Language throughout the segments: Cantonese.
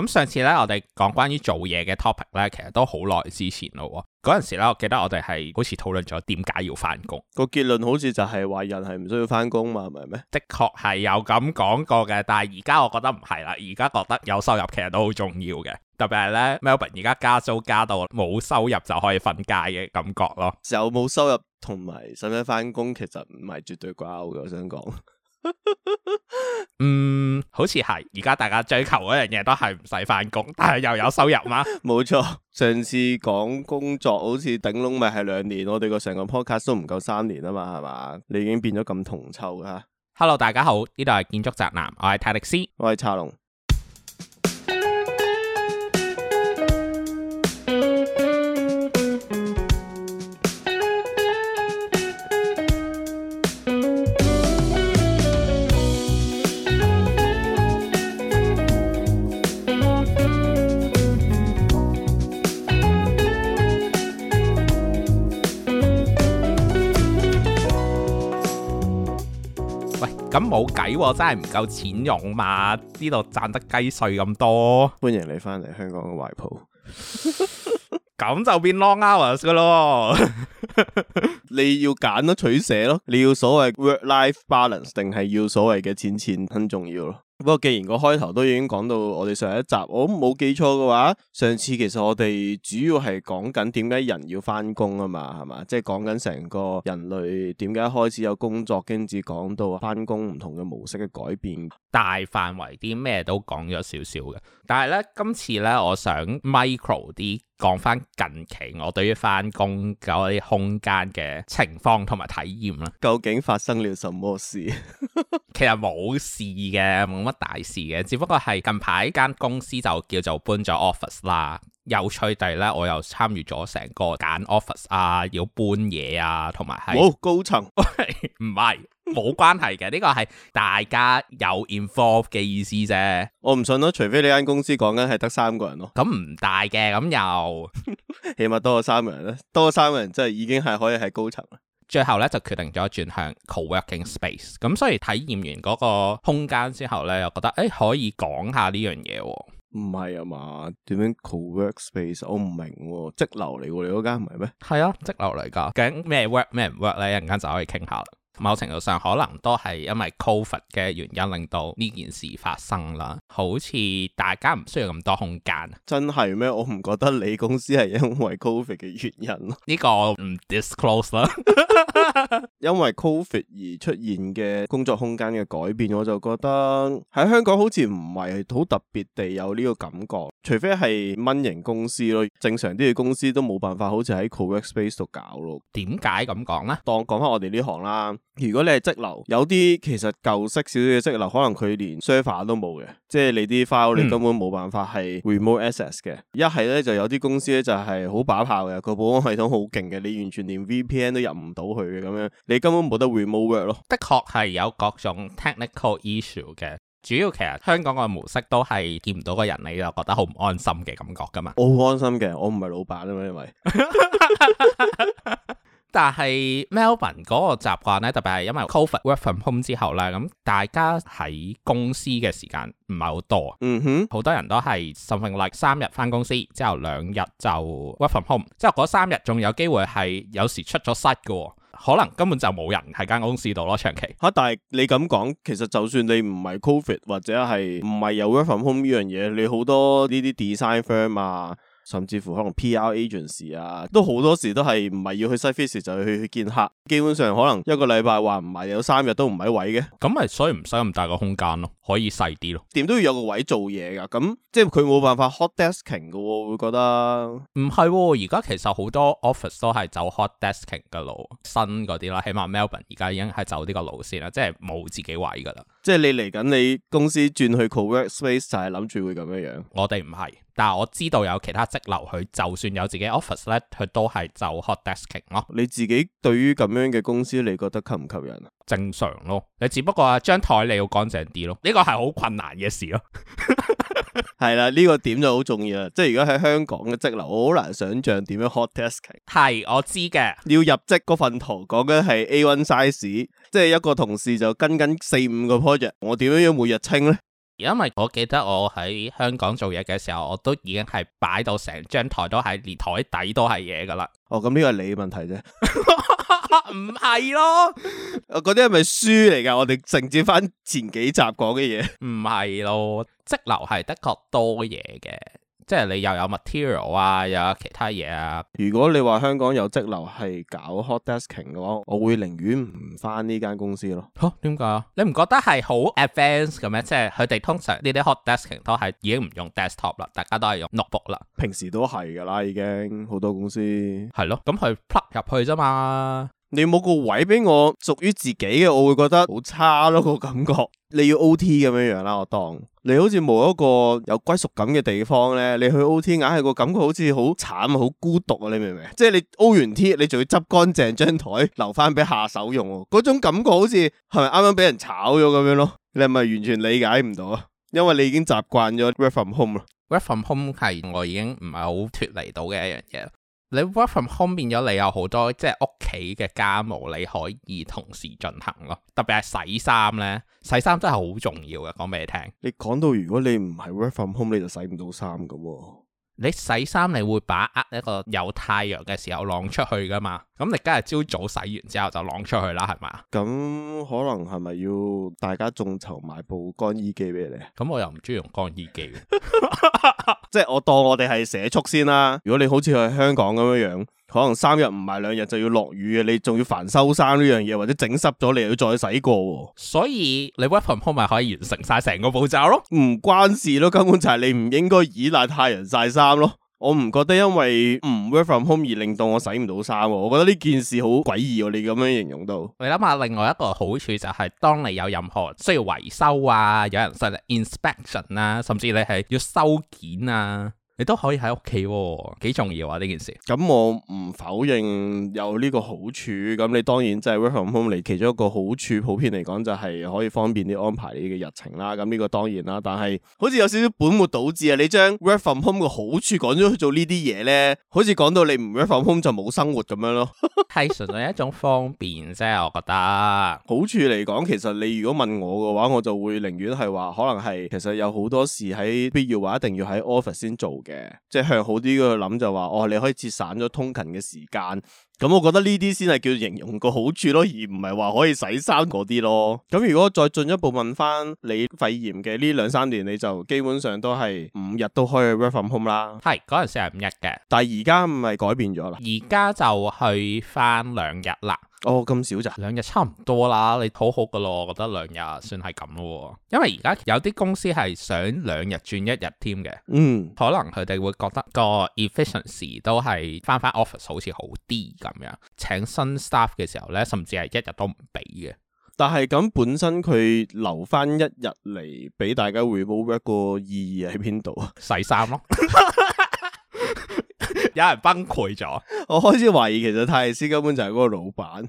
咁上次咧，我哋講關於做嘢嘅 topic 咧，其實都好耐之前咯。嗰陣時咧，我記得我哋係好似討論咗點解要翻工，個結論好似就係話人係唔需要翻工嘛，係咪咩？的確係有咁講過嘅，但係而家我覺得唔係啦，而家覺得有收入其實都好重要嘅，特別係咧 Melbourne 而家加租加到冇收入就可以瞓街嘅感覺咯。有冇收入同埋使唔使翻工，其實唔係絕對掛鈎嘅。我想講。 嗯，好似係而家大家追求嗰樣嘢都係唔使返工，但係又有收入嘛？冇錯， 上次講工作好似頂籠咪係兩年，我哋個成個 podcast 都唔夠三年啊嘛，係嘛？你已經變咗咁銅臭㗎。Hello，大家好，呢度係建築宅男，我係泰迪斯，我係查龍。咁冇計喎，真係唔夠錢用嘛？呢度賺得雞碎咁多，歡迎你翻嚟香港嘅懷抱。咁就變 long hours 嘅咯，你要揀咯取捨咯，你要所謂 work-life balance 定係要所謂嘅錢錢很重要咯。不過既然個開頭都已經講到，我哋上一集我冇記錯嘅話，上次其實我哋主要係講緊點解人要翻工啊嘛，係嘛？即係講緊成個人類點解開始有工作，跟住講到翻工唔同嘅模式嘅改變，大範圍啲咩都講咗少少嘅。但係咧，今次咧，我想 micro 啲，講翻近期我對於翻工嗰啲空間嘅情況同埋體驗啦。究竟發生了什麼事？ 其實冇事嘅。乜大事嘅？只不過係近排間公司就叫做搬咗 office 啦。有趣地咧，我又參與咗成個揀 office 啊，要搬嘢啊，同埋係好高層，唔係冇關係嘅。呢 個係大家有 involve 嘅意思啫。我唔信咯，除非你間公司講緊係得三個人咯。咁唔大嘅，咁又 起碼多咗三個人咧，多咗三個人即係已經係可以係高層啦。最後咧就決定咗轉向 coworking space，咁所以體驗完嗰個空間之後咧，又覺得誒可以講下呢樣嘢喎。唔係啊嘛，點樣 cowork space？我唔明喎，積流嚟喎，你嗰間唔係咩？係啊，即流嚟㗎。究竟咩 work 咩唔 work 咧？一陣間就可以傾下啦。某程度上可能都係因為 Covid 嘅原因令到呢件事發生啦，好似大家唔需要咁多空間，真係咩？我唔覺得你公司係因為 Covid 嘅原因咯。呢個我唔 disclose 啦。 因為 Covid 而出現嘅工作空間嘅改變，我就覺得喺香港好似唔係好特別地有呢個感覺，除非係蚊型公司咯。正常啲嘅公司都冇辦法好，好似喺 CoWorkspace 度搞咯。點解咁講咧？當講翻我哋呢行啦。如果你係則樓，有啲其實舊式少少嘅則樓，可能佢連 server 都冇嘅，即係你啲 file 你根本冇辦法係 remote access 嘅。一係咧就有啲公司咧就係好把炮嘅，個保安系統好勁嘅，你完全連 VPN 都入唔到去嘅咁樣，你根本冇得 remote work 咯。的確係有各種 technical issue 嘅，主要其實香港嘅模式都係見唔到個人，你就覺得好唔安心嘅感覺噶嘛。我好安心嘅，我唔係老闆啊嘛，因為。 但係 Melbourne 嗰個習慣咧，特別係因為 Covid work from home 之後咧，咁大家喺公司嘅時間唔係好多，好、mm hmm. 多人都係 something like 三日返公司，之後兩日就 work from home，之後嗰三日仲有機會係有時出咗室嘅，可能根本就冇人喺間公司度咯，長期嚇、啊。但係你咁講，其實就算你唔係 Covid 或者係唔係有 work from home 呢樣嘢，你好多呢啲 design firm 啊。甚至乎可能 PR agency 啊，都好多時都係唔係要去 site visit，就去去見客。基本上可能一個禮拜話唔係有三日都唔喺位嘅，咁咪所以唔使咁大個空間咯，可以細啲咯。點都要有個位做嘢噶，咁即係佢冇辦法 hot desking 噶、哦，會覺得唔係。而家、哦、其實好多 office 都係走 hot desking 嘅路，新嗰啲啦，起碼 Melbourne 而家已經係走呢個路線啦，即係冇自己的位噶啦。即係你嚟緊你公司轉去 coworking space 就係諗住會咁樣樣。我哋唔係。但係我知道有其他則樓，佢就算有自己 office 咧，佢都係就 hot desking 咯。你自己對於咁樣嘅公司，你覺得吸唔吸引啊？正常咯，你只不過啊張台你要乾淨啲咯，呢、這個係好困難嘅事咯。係啦， 呢、這個點就好重要啦。即係而家喺香港嘅則樓，我好難想象點樣 hot desking。係，我知嘅。你要入則嗰份圖講緊係 A1 size，即係一個同事就跟緊四五個 project，我點樣樣每日清呢？因為我記得我喺香港做嘢嘅時候，我都已經係擺到成張台都係，連台底都係嘢噶啦。哦，咁呢個係你嘅問題啫，唔係 咯？嗰啲係咪書嚟噶？ 我哋承接返前幾集講嘅嘢，唔係咯，則樓係的確多嘢嘅。即係你又有 material 啊，又有其他嘢啊。如果你話香港有則樓係搞 hot desking 嘅話，我會寧願唔返呢間公司咯。嚇？點解啊？你唔覺得係好 advanced 嘅咩？即係佢哋通常呢啲 hot desking 都係已經唔用 desktop 啦，大家都係用 notebook 啦。平時都係㗎啦，已經好多公司。係咯，咁佢 plug 入去啫嘛。你冇個位俾我屬於自己嘅，我會覺得好差咯、個感覺。你要 O T 咁樣樣啦，我當你好似冇一個有歸屬感嘅地方咧，你去 O T 硬係個感覺好似好慘啊，好孤獨啊，你明唔明？即係你 O 完 T，你仲要執乾淨張台留翻俾下手用，嗰種感覺好似係咪啱啱俾人炒咗咁樣咯？你係咪完全理解唔到啊？因為你已經習慣咗 ref from home 啦，ref from home 係我已經唔係好脫離到嘅一樣嘢。你 work from home 變咗你有好多即係屋企嘅家務，你可以同時進行咯，特別係洗衫咧，洗衫真係好重要嘅，講俾你聽。你講到如果你唔係 work from home，你就洗唔到衫噶。你洗衫你會把握一個有太陽嘅時候晾出去噶嘛？咁你梗係朝早洗完之後就晾出去啦，係嘛？咁可能係咪要大家眾籌埋部乾衣機俾你？咁我又唔中意用乾衣機。 即係我當我哋係社畜先啦，如果你好似去香港咁樣樣，可能三日唔埋兩日就要落雨嘅，你仲要煩收衫呢樣嘢，或者整濕咗，你又要再洗過。所以你 work from home 咪可以完成晒成個步驟咯，唔關事咯，根本就係你唔應該依賴太陽晒衫咯。我唔覺得因為唔 work from home 而令到我洗唔到衫，我覺得呢件事好詭異啊。你咁樣形容到，你諗下，另外一個好處就係，當你有任何需要維修啊，有人上 inspection 啊，甚至你係要收件啊。你都可以喺屋企喎，幾重要啊呢件事。咁我唔否認有呢個好處，咁你當然即係 work from home 嚟，其中一個好處，普遍嚟講就係可以方便啲安排你嘅日程啦。咁呢個當然啦，但係好似有少少本末倒置啊！你將 work from home 嘅好處講咗去做呢啲嘢咧，好似講到你唔 work from home 就冇生活咁樣咯。係 純粹係一種方便啫，我覺得好處嚟講，其實你如果問我嘅話，我就會寧願係話，可能係其實有好多事喺必要話一定要喺 office 先做。嘅，即係向好啲嘅諗就話，哦，你可以節省咗通勤嘅時間，咁、嗯、我覺得呢啲先係叫形容個好處咯，而唔係話可以洗衫嗰啲咯。咁、嗯、如果再進一步問翻你肺炎嘅呢兩三年，你就基本上都係五日都可以 work from home 啦。係嗰陣時係五日嘅，但係而家唔係改變咗啦。而家就去翻兩日啦。哦，咁少咋？兩日差唔多啦，你好好噶咯，我覺得兩日算係咁咯。因為而家有啲公司係想兩日轉一日添嘅，嗯，可能佢哋會覺得個 efficiency 都係翻翻 office 好似好啲咁樣。請新 staff 嘅時候呢，甚至係一日都唔俾嘅。但係咁本身佢留翻一日嚟俾大家匯報一個意義喺邊度啊？洗衫咯。 有人崩潰咗，我開始懷疑其實泰迪斯根本就係嗰個老闆，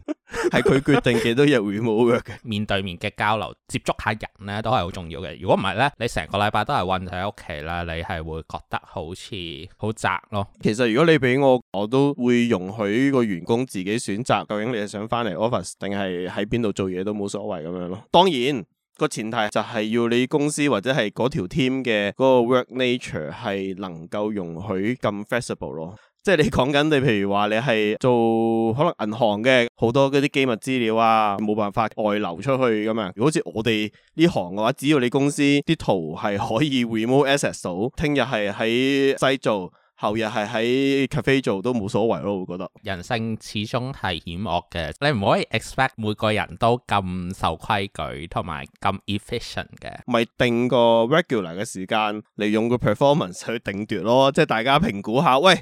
係 佢決定幾多日會冇約嘅面對面嘅交流，接觸下人咧都係好重要嘅。如果唔係咧，你成個禮拜都係困喺屋企啦，你係會覺得好似好宅咯。其實如果你俾我，我都會容許個員工自己選擇究竟你係想翻嚟 office 定係喺邊度做嘢都冇所謂咁樣咯。當然個前提就係要你公司或者係嗰條 team 嘅嗰個 work nature 係能夠容許咁 flexible 咯。即係你講緊你，譬如話你係做可能銀行嘅，好多嗰啲機密資料啊，冇辦法外流出去咁樣。如果好似我哋呢行嘅話，只要你公司啲圖係可以 remote access 到，聽日係喺西做，後日係喺 cafe 做都冇所謂咯。我覺得人性始終係險惡嘅，你唔可以 expect 每個人都咁受規矩同埋咁 efficient 嘅。咪、e、定個 regular 嘅時間嚟用個 performance 去定奪咯，即係大家評估下，喂。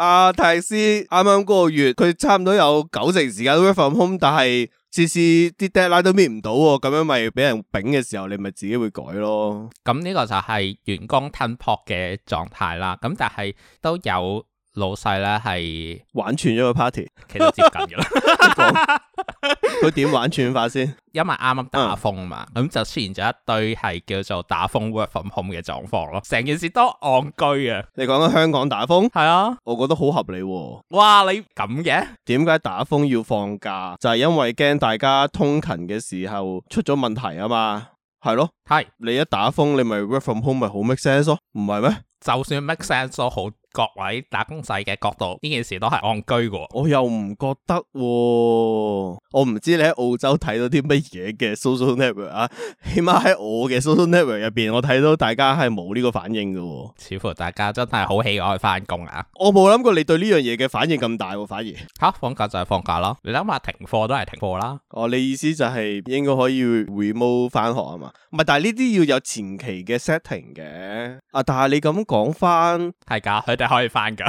阿泰迪斯啱啱嗰個月，佢差唔多有九成時間都會放空，但係次次啲 deadline 都搣唔到，咁樣咪俾人丙嘅時候，你咪自己會改咯。咁呢個就係員工吞泡嘅狀態啦。咁但係都有。老細咧係玩串咗個 party，其實接近㗎喇。佢點玩串法先？因為啱啱打風嘛，咁、嗯、就出現咗一堆係叫做打風 work from home 嘅狀況咯。成件事都戇居啊！你講緊香港打風，係啊，我覺得好合理、喎。哇，你咁嘅？點解打風要放假？就係、是、因為驚大家通勤嘅時候出咗問題啊嘛。係咯，係是你一打風，你咪 work from home 咪好 make sense 咯？唔係咩？就算 make sense 咯，好。各位打工仔嘅角度，呢件事都係戇居嘅。我又唔覺得，我唔知你喺澳洲睇到啲乜嘢嘅 social network 啊，起碼喺我嘅 social network 入邊，我睇到大家係冇呢個反應嘅、啊。似乎大家真係好喜愛翻工啊！我冇諗過你對呢樣嘢嘅反應咁大、啊，反而吓放假就係放假咯想想啦，你諗下停課都係停課啦。哦，你意思就係應該可以 remote 翻學啊嘛？唔係，但係呢啲要有前期嘅 setting 嘅。啊，但係你咁講翻係噶。即可以翻噶，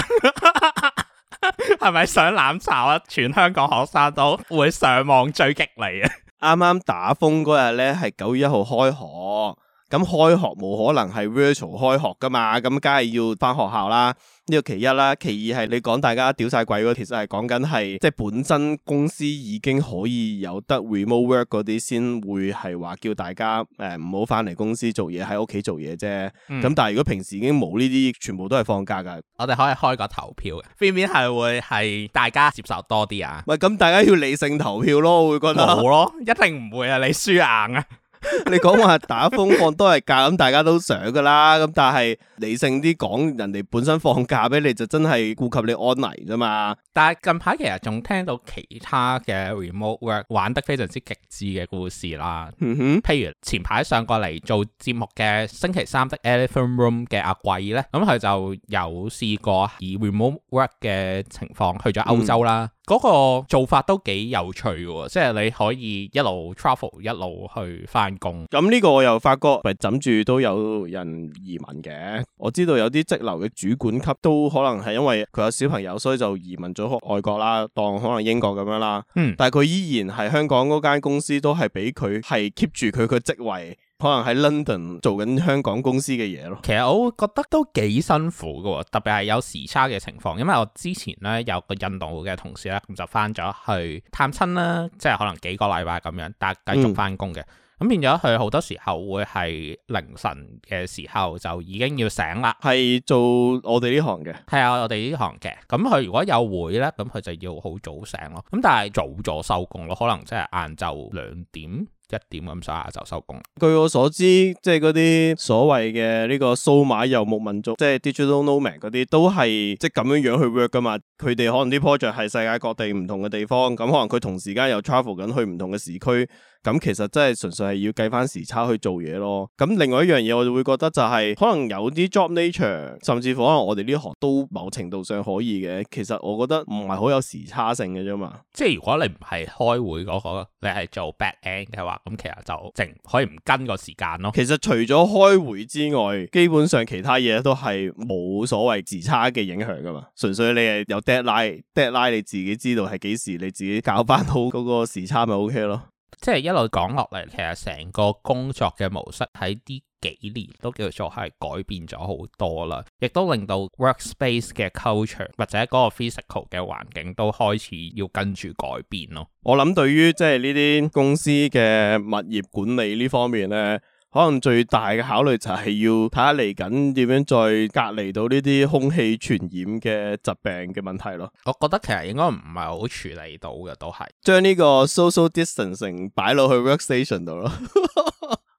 係咪 想攬炒啊？全香港學生都會上網追擊你啊！啱啱打風嗰日咧，係九月一號開學，咁開學冇可能係 virtual 開學噶嘛，咁梗係要翻學校啦。呢個其一啦，其二係你講大家屌晒鬼嗰，其實係講緊係即係本身公司已經可以有得 remote work 嗰啲，先會係話叫大家誒唔好翻嚟公司做嘢，喺屋企做嘢啫。咁、嗯、但係如果平時已經冇呢啲，全部都係放假噶。我哋可以開個投票，偏偏係會係大家接受多啲啊。唔係咁，大家要理性投票咯。我會覺得冇咯，一定唔會啊！你輸硬啊！ 你講話打風放多日假，咁大家都想噶啦。咁但係理性啲講，人哋本身放假俾你就真係顧及你安危啫嘛。 但係近排其實仲聽到其他嘅 remote work 玩得非常之極致嘅故事啦。譬、嗯、哼如前排上過嚟做節目嘅星期三的 Elephant Room 嘅阿貴呢，咁佢就有試過以 remote work 嘅情況去咗歐洲啦。嗯嗰個做法都幾有趣喎、哦，即係你可以一路 travel 一路去返工。咁呢、嗯、個我又發覺，咪諗住都有人移民嘅。我知道有啲職流嘅主管級都可能係因為佢有小朋友，所以就移民咗去外國啦，當可能英國咁樣啦。嗯，但係佢依然係香港嗰間公司都，都係俾佢係 keep 住佢嘅職位。可能喺 London 做緊香港公司嘅嘢咯，其實我會覺得都幾辛苦㗎，特別係有時差嘅情況。因為我之前咧有個印度嘅同事咧，咁就返咗去探親啦，即係可能幾個禮拜咁樣，但係繼續返工嘅。咁、嗯、變咗佢好多時候會係凌晨嘅時候就已經要醒啦。係做我哋呢行嘅，係啊，我哋呢行嘅。咁佢如果有會咧，咁佢就要好早醒咯。咁但係早咗收工咯，可能即係晏晝兩點。一點咁，上下就收工。據我所知，即係嗰啲所謂嘅呢個數碼遊牧民族，即係 digital nomad 嗰啲，都係即係咁樣樣去 work 㗎嘛。佢哋可能啲 project 係世界各地唔同嘅地方，咁可能佢同時間又 travel 緊去唔同嘅時區。咁其實真係純粹係要計翻時差去做嘢咯。咁另外一樣嘢，我就會覺得就係可能有啲 job nature，甚至乎可能我哋呢行都某程度上可以嘅。其實我覺得唔係好有時差性嘅啫嘛。即係如果你唔係開會嗰個，你係做 back end 嘅話，咁其實就淨可以唔跟個時間咯。其實除咗開會之外，基本上其他嘢都係冇所謂時差嘅影響噶嘛。純粹你係有 deadline deadline 你自己知道係幾時，你自己搞翻到嗰個時差咪 ok 咯。即係一路講落嚟，其實成個工作嘅模式喺呢幾年都叫做係改變咗好多啦，亦都令到 work space 嘅 culture 或者嗰個 physical 嘅環境都開始要跟住改變咯。我諗對於即係呢啲公司嘅物業管理呢方面咧。可能最大嘅考慮就係要睇下嚟緊點樣再隔離到呢啲空氣傳染嘅疾病嘅問題咯。我覺得其實應該唔係好處理到嘅，都係將呢個 social distancing 擺落去 workstation 度咯。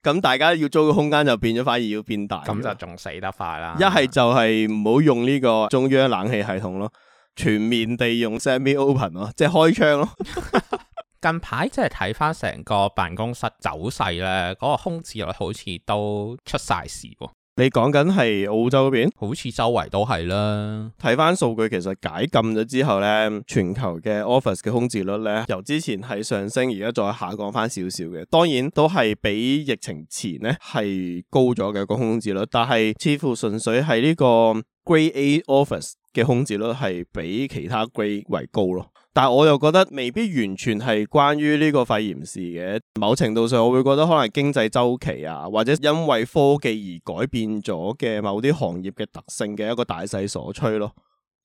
咁 大家要租個空間就變咗，反而要變大。咁就仲死得快啦！一係就係唔好用呢個中央冷氣系統咯， 全面地用 semi open 咯，即係開窗咯。 近排即係睇翻成個辦公室走勢咧，嗰、嗰個空置率好似都出晒事。你講緊係澳洲嗰邊？好似周圍都係啦。睇翻數據，其實解禁咗之後咧，全球嘅 office 嘅空置率咧，由之前係上升，而家再下降翻少少嘅。當然都係比疫情前咧係高咗嘅、嗰個空置率，但係似乎純粹係呢、呢個。Grade A office 嘅空置率係比其他 grade 為高咯，但係我又覺得未必完全係關於呢個肺炎事嘅，某程度上我會覺得可能經濟周期啊，或者因為科技而改變咗嘅某啲行業嘅特性嘅一個大勢所趨咯，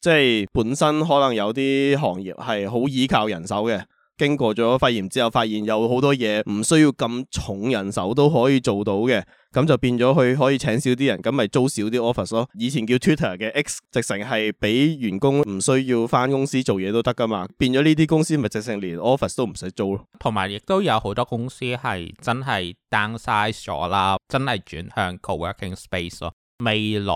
即係本身可能有啲行業係好依靠人手嘅。經過咗肺炎之後，發現有好多嘢唔需要咁重人手都可以做到嘅，咁就變咗佢可以請少啲人，咁咪租少啲 office 咯。以前叫 Twitter 嘅 X，直成係俾員工唔需要翻公司做嘢都得㗎嘛。變咗呢啲公司咪直成連 office 都唔使租咯。同埋亦都有好多公司係真係 downsize 咗啦，真係轉向 co-working space 咯。未來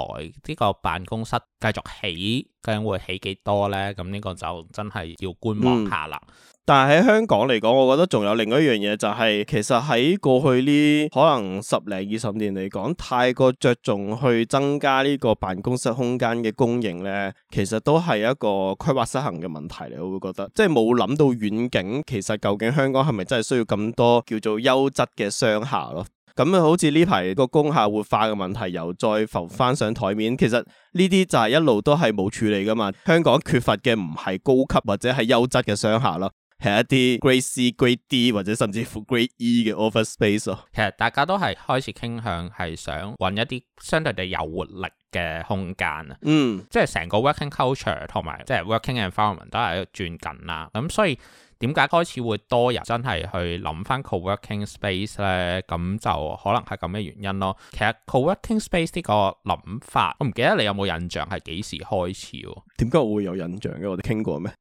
呢個辦公室繼續起，究竟會起幾多呢？咁、這、呢個就真係要觀望下啦。嗯但係喺香港嚟講，我覺得仲有另外一樣嘢就係，其實喺過去呢可能十零二十年嚟講，太過着重去增加呢個辦公室空間嘅供應呢，其實都係一個規劃失衡嘅問題嚟。我會覺得即係冇諗到遠景，其實究竟香港係咪真係需要咁多叫做優質嘅商廈咯？咁啊，好似呢排個工廈活化嘅問題又再浮翻上台面，其實呢啲就係一路都係冇處理噶嘛。香港缺乏嘅唔係高級或者係優質嘅商廈咯。係一啲 Grade C、Grade D 或者甚至乎 Grade E 嘅 office space 咯、哦。其實大家都係開始傾向係想揾一啲相對地有活力嘅空間啊。嗯，即係成個 working culture 同埋即係 working environment 都係喺度轉緊啦。咁所以點解開始會多人真係去諗翻 coworking space 咧？咁就可能係咁嘅原因咯。其實 coworking space 呢個諗法，我唔記得你有冇印象係幾時開始？點解我會有印象嘅？我哋傾過咩？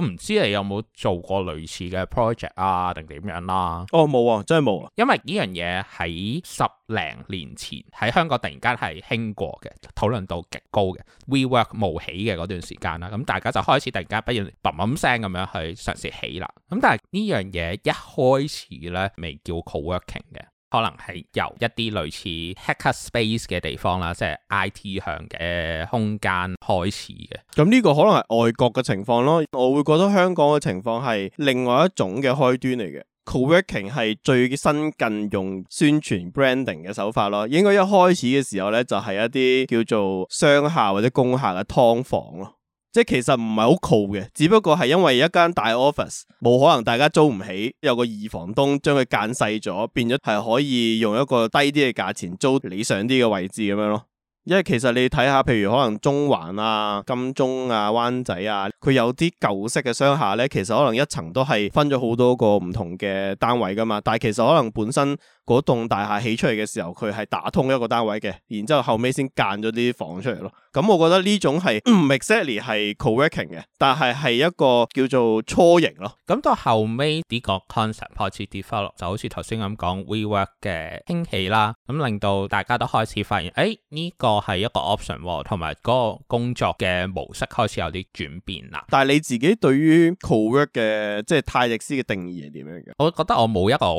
我唔知你有冇做過類似嘅 project 啊，定點樣啦、啊？哦，冇啊，真係冇。因為呢樣嘢喺十零年前喺香港突然間係興過嘅，討論度極高嘅 WeWork 冒起嘅嗰段時間啦，咁、嗯、大家就開始突然間不如砰砰聲咁樣去嘗試起啦。咁、嗯、但係呢樣嘢一開始咧未叫 co-working 嘅。可能係由一啲類似 Hackerspace 嘅地方啦，即係 I T 向嘅空間開始嘅。咁呢個可能係外國嘅情況咯，我會覺得香港嘅情況係另外一種嘅開端嚟嘅。Co-working 係最新近用宣傳 branding 嘅手法咯，應該一開始嘅時候咧就係、是、一啲叫做商廈或者工廈嘅劏房咯。即係其實唔係好 cool 嘅，只不過係因為一間大 office 冇可能大家租唔起，有個二房東將佢間細咗，變咗係可以用一個低啲嘅價錢租理想啲嘅位置咁樣咯。因為其實你睇下，譬如可能中環啊、金鐘啊、灣仔啊，佢有啲舊式嘅商廈呢，其實可能一層都係分咗好多個唔同嘅單位噶嘛，但係其實可能本身。嗰棟大廈起出嚟嘅時候，佢係打通一個單位嘅，然之後後尾先間咗啲房出嚟咯。咁我覺得呢種係唔 exactly 係 co-working 嘅，但係係一個叫做初型咯。咁到後尾呢個 concept 開始 develop，就好似頭先咁講，WeWork 嘅興起啦，咁令到大家都開始發現，誒、哎、呢、這個係一個 option，同埋嗰個工作嘅模式開始有啲轉變啦。但係你自己對於 co-work 嘅即係泰迪斯嘅定義係點樣嘅？我覺得我冇一個好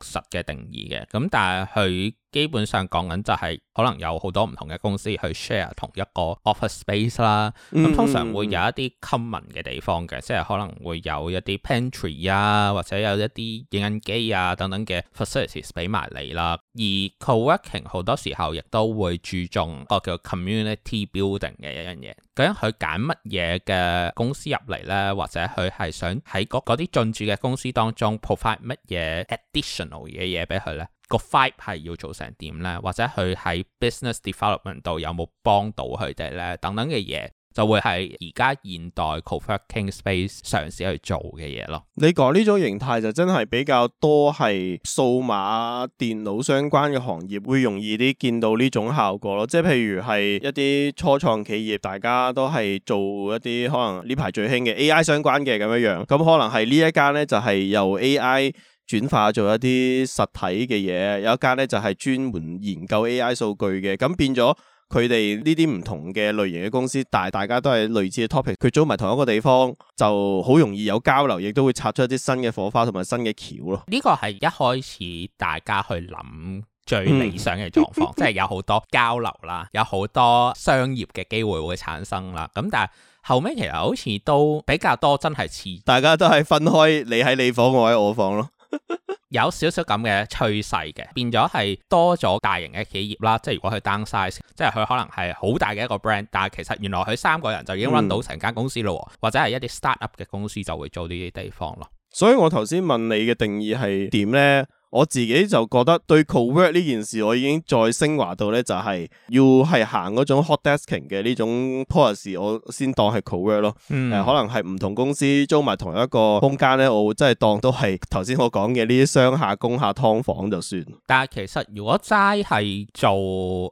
確實嘅定義。咁但係，佢。基本上講緊就係可能有好多唔同嘅公司去 share 同一個 office space 啦，咁、mm hmm. 通常會有一啲 common 嘅地方嘅，即係可能會有一啲 pantry 啊，或者有一啲影印機啊等等嘅 facilities 俾埋你啦。而 co-working 好多時候亦都會注重個叫 community building 嘅一樣嘢，究竟佢揀乜嘢嘅公司入嚟咧，或者佢係想喺嗰啲進駐嘅公司當中 provide 乜嘢 additional 嘅嘢俾佢咧？個 vibe 係要做成點咧，或者佢喺 business development 度有冇幫到佢哋咧？等等嘅嘢就會係而家現代 co-working space 嘗試去做嘅嘢咯。你講呢種形態就真係比較多係數碼電腦相關嘅行業會容易啲見到呢種效果咯。即係譬如係一啲初創企業，大家都係做一啲可能呢排最興嘅 AI 相關嘅咁樣樣，咁可能係呢一間咧就係由 AI。轉化做一啲實體嘅嘢，有一間咧就係專門研究 AI 數據嘅，咁變咗佢哋呢啲唔同嘅類型嘅公司，但係大家都係類似嘅 topic，佢租埋同一個地方就好容易有交流，亦都會插出一啲新嘅火花同埋新嘅橋咯。呢個係一開始大家去諗最理想嘅狀況，嗯、即係有好多交流啦， 有好多商業嘅機會會產生啦。咁但係後尾其實好似都比較多真次，真係似大家都係分開，你喺你房，我喺我房咯。 有少少咁嘅趨勢嘅，變咗係多咗大型嘅企業啦，即係如果佢 downsize，即係佢可能係好大嘅一個 brand，但係其實原來佢三個人就已經搵到成間公司咯，嗯、或者係一啲 startup 嘅公司就會做呢啲地方咯。所以我頭先問你嘅定義係點呢？我自己就覺得對 co-work 呢件事，我已經再升華到咧，就係要係行嗰種 hot desking 嘅呢種 policy，我先當係 co-work 咯。誒、嗯呃，可能係唔同公司租埋同一個空間咧，我真係當都係頭先我講嘅呢啲商廈工廈劏房就算。但係其實如果齋係做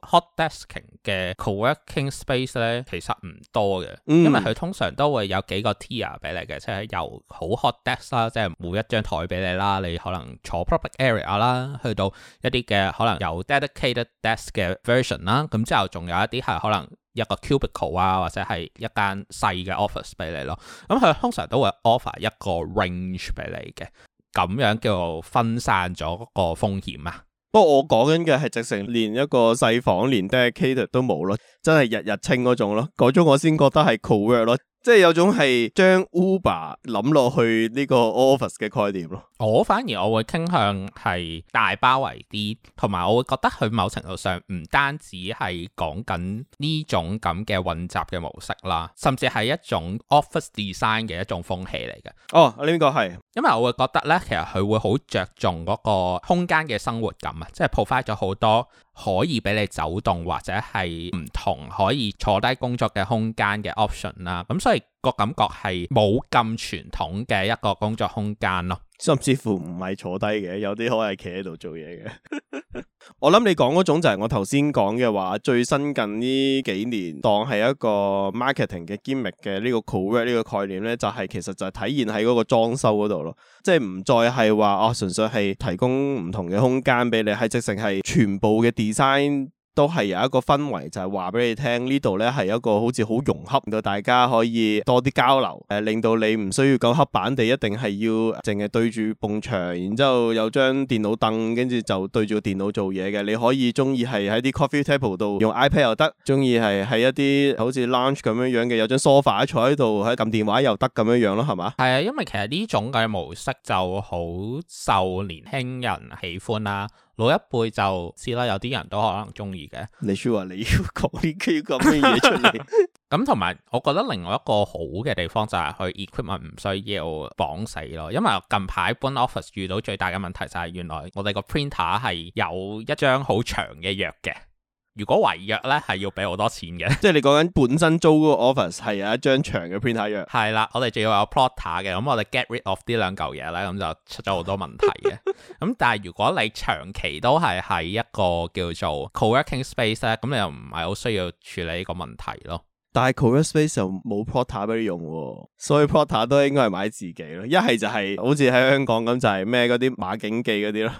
hot desking 嘅 co-working space 咧，其實唔多嘅，嗯、因為佢通常都會有幾個 tier 俾你嘅，即係又好 hot desk 啦，des k，即係每一張台俾你啦，你可能坐 pro area 啦，去到一啲嘅可能有 dedicated desk 嘅 version 啦，咁之後仲有一啲係可能一個 cubicle 啊，或者係一間細嘅 office 俾你咯。咁佢通常都會 offer 一個 range 俾你嘅，咁樣叫做分散咗個風險啊。不過我講緊嘅係直成連一個細房連 dedicated 都冇咯，真係日日清嗰種咯。嗰種我先覺得係 co-work 咯。即係有種係將 Uber 諗落去呢個 office 嘅概念咯。我反而我會傾向係大包圍啲，同埋我會覺得佢某程度上唔單止係講緊呢種咁嘅混雜嘅模式啦，甚至係一種 office design 嘅一種風氣嚟嘅。哦、oh，呢個係？因為我會覺得咧，其實佢會好着重嗰個空間嘅生活感啊，即係 provide 咗好多。可以俾你走動或者係唔同可以坐低工作嘅空間嘅 option 啦，咁所以個感覺係冇咁傳統嘅一個工作空間囉。甚至乎唔係坐低嘅，有啲可能係企喺度做嘢嘅。我諗你講嗰種就係我頭先講嘅話，最新近呢幾年當係一個 marketing 嘅 gimmick 嘅呢、這個 cowork 呢個概念呢，就係、是、其實就係體現喺嗰個裝修嗰度咯，即係唔再係話哦，純粹係提供唔同嘅空間俾你，係直成係全部嘅 design。都係有一個氛圍，就係話俾你聽，呢度呢，係一個好似好融洽，令到大家可以多啲交流。誒，令到你唔需要咁黑板地，一定係要淨係對住埲牆，然之後有張電腦凳，跟住就對住電腦做嘢嘅。你可以中意係喺啲 coffee table 度用 iPad 又得，中意係喺一啲好似 lunch 咁樣樣嘅有張 sofa 坐喺度，喺撳電話又得咁樣樣咯，係嘛？係啊，因為其實呢種咁嘅模式就好受年輕人喜歡啦。老一輩就知啦，有啲人都可能中意嘅。你仲話你要講呢啲咁嘅嘢出嚟？咁同埋，我覺得另外一個好嘅地方就係佢 equipment 唔需要綁死咯，因為近排搬 office 遇到最大嘅問題就係原來我哋個 printer 係有一張好長嘅約嘅。如果違約咧，係要俾好多錢嘅，即係你講緊本身租嗰個 office 係有一張長嘅 printer，係啦，我哋仲要有 plotter 嘅，咁我哋 get rid of 呢兩嚿嘢咧，咁就出咗好多問題嘅。咁 但係如果你長期都係喺一個叫做 co-working space 咧，咁你又唔係好需要處理呢個問題咯。但係 co-working space 又冇 plotter 俾你用，所以 plotter 都應該係買自己、就是、咯。一係就係好似喺香港咁，就係咩嗰啲馬景記嗰啲咯。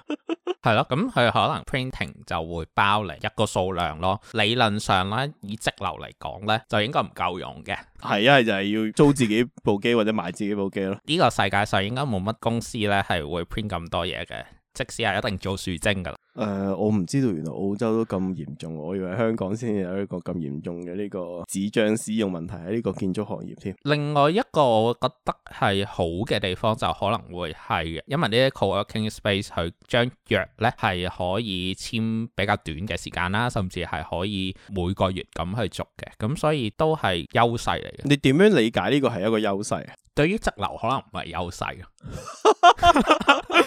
係咯，咁佢、嗯嗯、可能 printing 就會包嚟一個數量咯。理論上咧，以則樓嚟講咧，就應該唔夠用嘅。係啊，就係、是、要租自己部機或者買自己部機咯。呢個世界上應該冇乜公司咧係會 print 咁多嘢嘅。即使係一定做樹精噶啦，誒、呃，我唔知道原來澳洲都咁嚴重，我以為香港先有一個咁嚴重嘅呢個紙張使用問題喺呢個建築行業添。另外一個我覺得係好嘅地方就可能會係，因為呢一個 coworking space 佢將約咧係可以簽比較短嘅時間啦，甚至係可以每個月咁去續嘅，咁所以都係優勢嚟嘅。你點樣理解呢個係一個優勢啊？對於則樓可能唔係優勢。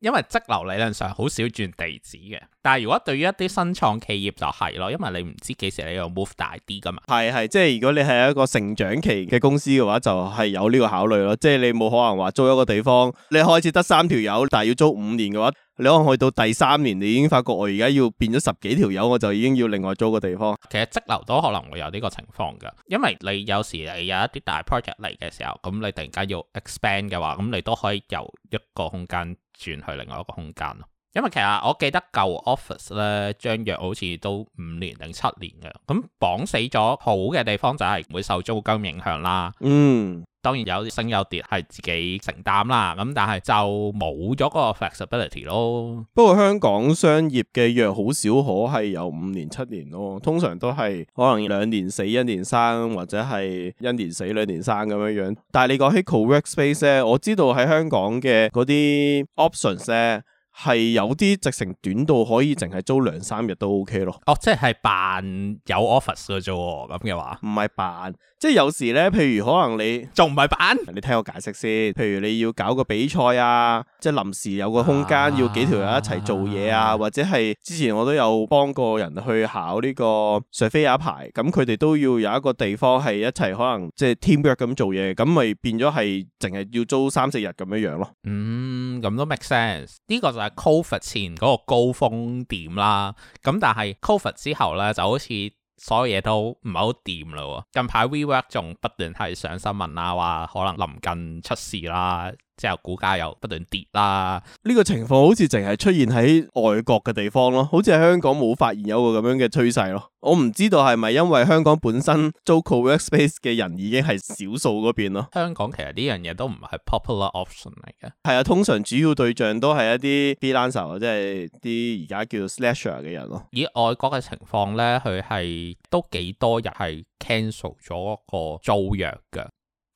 因為則樓理論上好少轉地址嘅，但係如果對於一啲新創企業就係咯，因為你唔知幾時你要 move 大啲噶嘛。係係，即係如果你係一個成長期嘅公司嘅話，就係、是、有呢個考慮咯。即係你冇可能話租一個地方，你開始得三條友，但係要租五年嘅話，你可能去到第三年你已經發覺我而家要變咗十幾條友，我就已經要另外租個地方？其實則樓都可能會有呢個情況噶，因為你有時你有一啲大 project 嚟嘅時候，咁你突然間要 expand 嘅話，咁你都可以有一個空間。轉去另外一個空間咯。因為其實我記得舊 office 咧，張約好似都五年定七年嘅，咁綁死咗好嘅地方就係唔會受租金影響啦。嗯，當然有啲升有跌係自己承擔啦，咁但係就冇咗嗰個 flexibility 咯。不過香港商業嘅約好少可係有五年七年咯，通常都係可能兩年死一年生，或者係一年死兩年生咁樣樣。但係你講起 co workspace 咧，我知道喺香港嘅嗰啲 options 咧。係有啲直程短到可以淨係租兩三日都 O、OK、K 咯。哦，即係辦有 office 嘅啫，咁嘅話唔係辦，即係有時呢，譬如可能你仲唔係辦？你聽我解釋先。譬如你要搞個比賽啊，即係臨時有個空間要幾條友一齊做嘢啊，啊或者係之前我都有幫過人去考呢個 surveyor 牌，咁佢哋都要有一個地方係一齊，可能即係 teamwork 咁做嘢，咁咪變咗係淨係要租三四日咁樣樣咯。嗯，咁都 make sense。呢個就係，是 Covid 前嗰個高峰點啦，咁但係 Covid 之後咧，就好似所有嘢都唔係好掂咯。近排 WeWork 仲不斷係上新聞啦、啊，話可能臨近出事啦。之後股價又不斷跌啦，呢個情況好似淨係出現喺外國嘅地方咯，好似喺香港冇發現有個咁樣嘅趨勢咯。我唔知道係咪因為香港本身租 co workspace 嘅人已經係少數嗰邊咯。香港其實呢樣嘢都唔係 popular option 嚟嘅。係啊，通常主要對象都係一啲 freelancer 即係啲而家叫做 slasher 嘅人咯。以外國嘅情況咧，佢係都幾多日係 cancel 咗個租約嘅。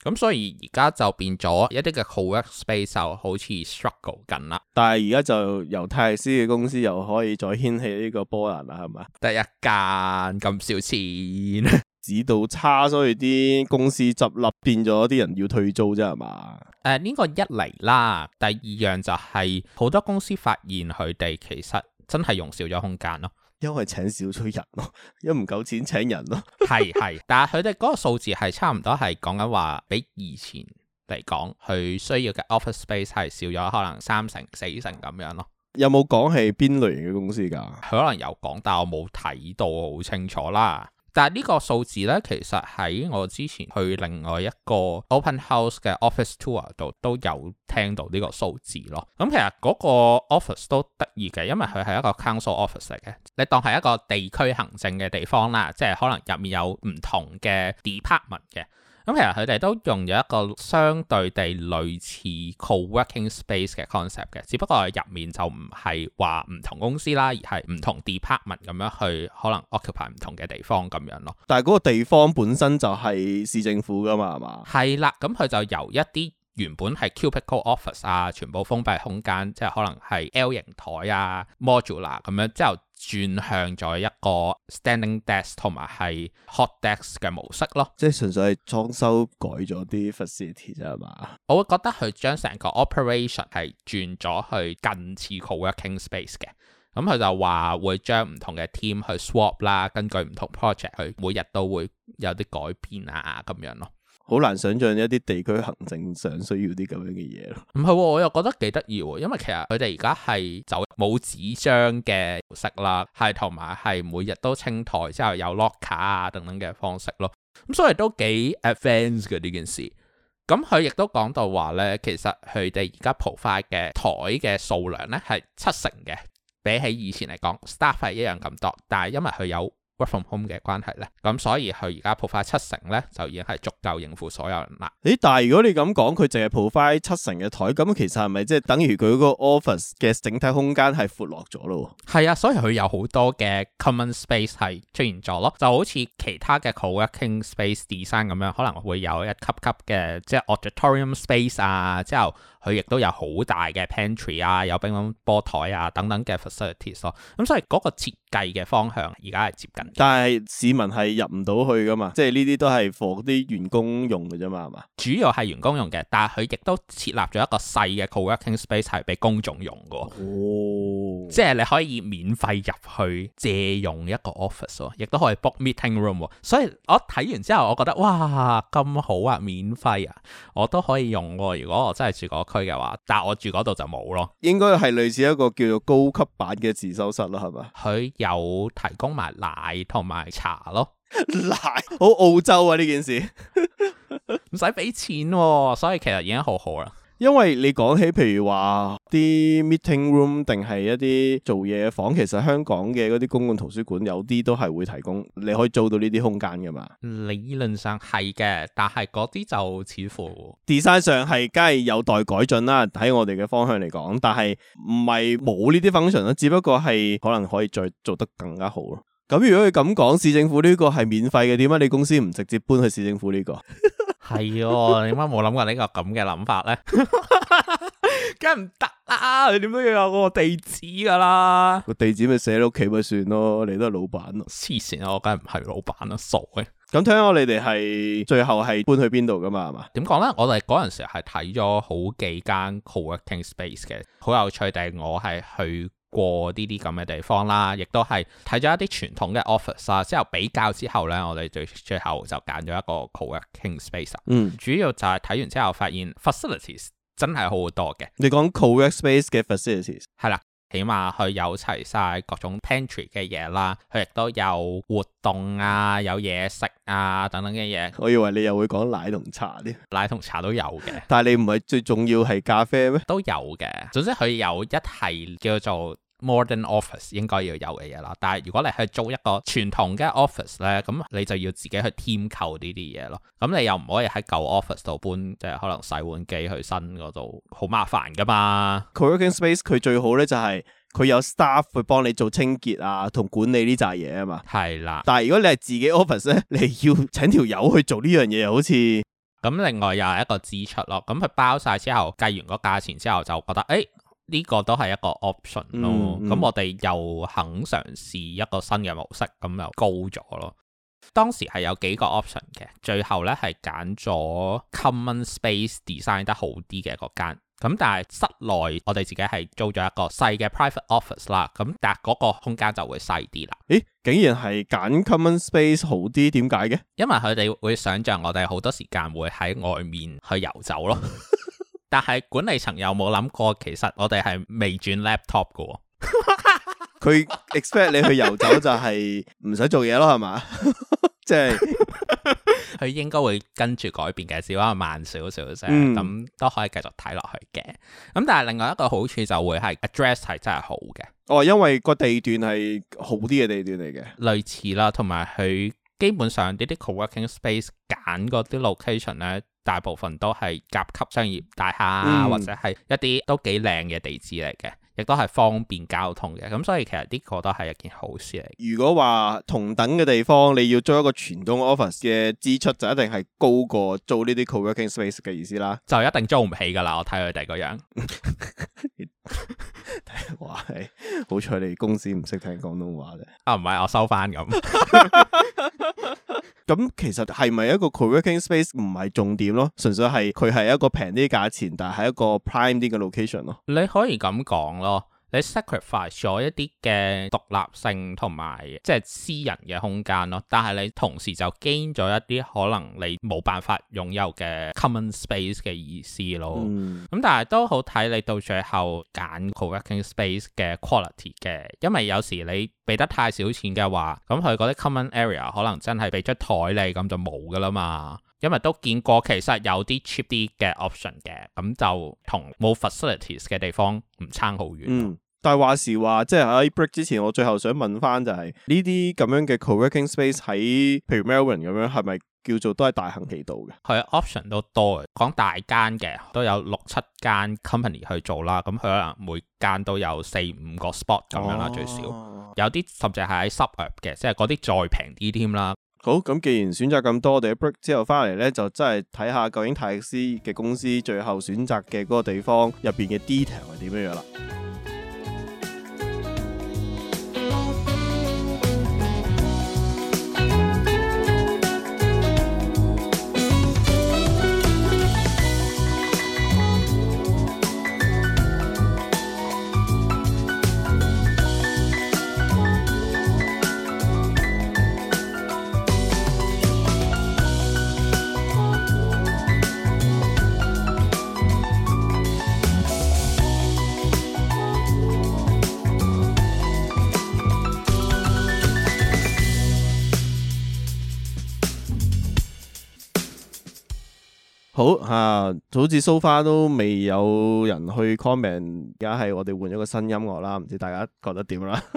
咁所以而家就變咗一啲嘅 Workspace 就好似 struggle 緊啦。但係而家就泰迪斯嘅公司又可以再掀起呢個波瀾啦，係嘛？得一間咁少錢，指 導差，所以啲公司執笠，變咗啲人要退租啫，係嘛？誒、呃，呢、這個一嚟啦，第二樣就係、是、好多公司發現佢哋其實真係用少咗空間咯。因為請少咗人咯，因為唔夠錢請人咯，係 係，但係佢哋嗰個數字係差唔多係講緊話，比以前嚟講，佢需要嘅 office space 係少咗可能三成四成咁樣咯。有冇講係邊類型嘅公司噶？佢可能有講，但係我冇睇到好清楚啦。但係呢個數字呢，其實喺我之前去另外一個 Open House 嘅 office tour 度都有聽到呢個數字咯。咁其實嗰個 office 都得意嘅，因為佢係一個 council office 嚟嘅，你當係一個地區行政嘅地方啦，即係可能入面有唔同嘅 department 嘅。咁其實佢哋都用咗一個相對地類似 co-working space 嘅 concept 嘅，只不過入面就唔係話唔同公司啦，而係唔同 department 咁樣去可能 occupy 唔同嘅地方咁樣咯。但係嗰個地方本身就係市政府㗎嘛，係嘛？係啦，咁佢就由一啲原本係 cubicle office 啊，全部封閉空間，即係可能係 L 型台啊、modular 啊咁樣之後。轉向咗一個 standing desk 同埋係 hot desk 嘅模式咯，即係純粹係裝修改咗啲 facility 啫嘛。我會覺得佢將成個 operation 係轉咗去近似 co-working space 嘅，咁佢就話會將唔同嘅 team 去 swap 啦，根據唔同 project 去，每日都會有啲改變啊咁樣咯。好難想象一啲地區行政上需要啲咁樣嘅嘢咯。唔係，我又覺得幾得意喎，因為其實佢哋而家係就冇紙張嘅模式啦，係同埋係每日都清台之後有 lock 卡啊等等嘅方式咯。咁所以都幾 advanced 嘅呢件事。咁佢亦都講到話咧，其實佢哋而家 provide 嘅台嘅數量咧係七成嘅，比起以前嚟講，staff 係一樣咁多，但係因為佢有。from home 嘅關係咧，咁所以佢而家鋪返七成咧，就已經係足夠應付所有人啦。誒，但係如果你咁講，佢淨係鋪返七成嘅台，咁其實係咪即係等於佢嗰個 office 嘅整體空間係闊落咗咯？係啊，所以佢有好多嘅 common space 係出現咗咯，就好似其他嘅 co-working space design 咁樣，可能會有一級級嘅即係 auditorium space 啊，之後。佢亦都有好大嘅 pantry 啊，有乒乓波台啊等等嘅 facilities 咯、啊。咁、嗯、所以嗰個設計嘅方向而家係接近。但係市民係入唔到去噶嘛？即係呢啲都係 for 啲員工用嘅啫嘛，係嘛？主要係員工用嘅，但係佢亦都設立咗一個細嘅 co-working space 係俾公眾用嘅。哦，即係你可以免費入去借用一個 office 喎、啊，亦都可以 book meeting room 喎、啊。所以我睇完之後我覺得哇咁好啊，免費啊，我都可以用喎、啊。如果我真係住嗰。佢嘅話，但係我住嗰度就冇咯，應該係類似一個叫做高級版嘅自修室啦，係咪？佢有提供埋奶同埋茶咯， 奶？好澳洲啊，呢件事。唔使俾錢啊，所以其實已經好好啦。因為你講起譬如話啲 meeting room 定係一啲做嘢嘅房，其實香港嘅嗰啲公共圖書館有啲都係會提供，你可以租到呢啲空間噶嘛？理論上係嘅，但係嗰啲就似乎 design 上係梗係有待改進啦。喺我哋嘅方向嚟講，但係唔係冇呢啲 function 啦，只不過係可能可以再做得更加好咯。咁如果佢咁講，市政府呢個係免費嘅，點解你公司唔直接搬去市政府呢個？ 係哦，點解冇諗過呢個咁嘅諗法咧？梗係唔得啦，你點都 要有個地址噶啦。個地址咪寫喺屋企咪算咯，你都係老闆咯。黐線啊！我梗係唔係老闆啦，傻嘅。咁聽下你哋係最後係搬去邊度噶嘛？係嘛？點講咧？我哋嗰陣時係睇咗好幾間 co-working space 嘅，好有趣。但係我係去。過呢啲咁嘅地方啦，亦都係睇咗一啲傳統嘅 office 啊，之後比較之後咧，我哋最最後就揀咗一個 coworking space。嗯，主要就係睇完之後發現 facilities 真係好好多嘅。你講 coworking space 嘅 facilities 係啦，起碼佢有齊晒各種 pantry 嘅嘢啦，佢亦都有活動啊，有嘢食啊等等嘅嘢。我以為你又會講奶同茶啲， 奶同茶都有嘅。但係你唔係最重要係咖啡咩？都有嘅。總之佢有一系叫做，Modern office 應該要有嘅嘢啦，但係如果你去租一個傳統嘅 office 咧，咁你就要自己去添購呢啲嘢咯。咁你又唔可以喺舊 office 度搬，即係可能洗碗機去新嗰度，好麻煩㗎嘛。Co-working space 佢最好咧就係、是、佢有 staff 去幫你做清潔啊，同管理呢扎嘢啊嘛。係啦的，但係如果你係自己 office 咧，你要請條友去做呢樣嘢，好似。咁另外又係一個支出咯。咁佢包晒之後計完個價錢之後，就覺得誒。哎。呢個都係一個 option 咯，咁、嗯、我哋又肯嘗試，試一個新嘅模式，咁又高咗咯。當時係有幾個 option 嘅，最後呢係揀咗 Common Space Design 得好啲嘅嗰間，咁但係室內我哋自己係租咗一個細嘅 private office 啦，咁但係嗰個空間就會細啲啦。咦，竟然係揀 Common Space 好啲，點解嘅？因為佢哋會想象我哋好多時間會喺外面去遊走咯。 但係管理層有冇諗過？其實我哋係未轉 laptop 嘅、哦，佢 expect 你去遊走就係唔使做嘢咯，係嘛？即係佢應該會跟住改變嘅，只係慢少少啫。咁、嗯、都可以繼續睇落去嘅。咁、嗯、但係另外一個好處就會係 address 係真係好嘅。哦，因為個地段係好啲嘅地段嚟嘅，類似啦，同埋佢基本上啲啲 co-working space 揀嗰啲 location 咧。大部分都係甲級商業大廈啊，嗯、或者係一啲都幾靚嘅地址嚟嘅，亦都係方便交通嘅，咁所以其實呢個都係一件好事嚟。如果話同等嘅地方，你要租一個傳統 office 嘅支出，就一定係高過租呢啲 co-working space 嘅意思啦，就一定租唔起噶啦。我睇佢哋個樣，話 係 好彩你公司唔識聽廣東話啫。啊唔係，我收翻咁。 咁其實係咪一個 co-working space 唔係重點咯？純粹係佢係一個平啲價錢，但係一個 prime 啲嘅 location 咯。你可以咁講咯。你 sacrifice 咗一啲嘅獨立性同埋即係私人嘅空間咯，但係你同時就 gain 咗一啲可能你冇辦法擁有嘅 common space 嘅意思咯。咁、嗯、但係都好睇你到最後揀 co-working space 嘅 quality 嘅，因為有時你俾得太少錢嘅話，咁佢嗰啲 common area 可能真係俾張台你咁就冇㗎啦嘛。因為都見過，其實有啲 cheap 啲嘅 option 嘅，咁就同冇 facilities 嘅地方唔差好遠。嗯，但係話時話，即係喺 break 之前，我最後想問翻就係呢啲咁樣嘅 co-working space 喺，譬如 Melbourne 咁樣，係咪叫做都係大行其道嘅？係啊，option 都多嘅，講大間嘅都有六七間 company 去做啦，咁佢可能每間都有四五個 spot 咁樣啦，哦、最少。有啲甚至係喺 suburb 嘅，即係嗰啲再平啲添啦。好，咁既然選擇咁多，我哋 break 之後翻嚟咧，就真係睇下究竟泰迪斯嘅公司最後選擇嘅嗰個地方入邊嘅 detail 係點樣樣啦。好嚇，好似 so far 都未有人去 comment，而家係我哋換咗個新音樂啦，唔知大家覺得點啦？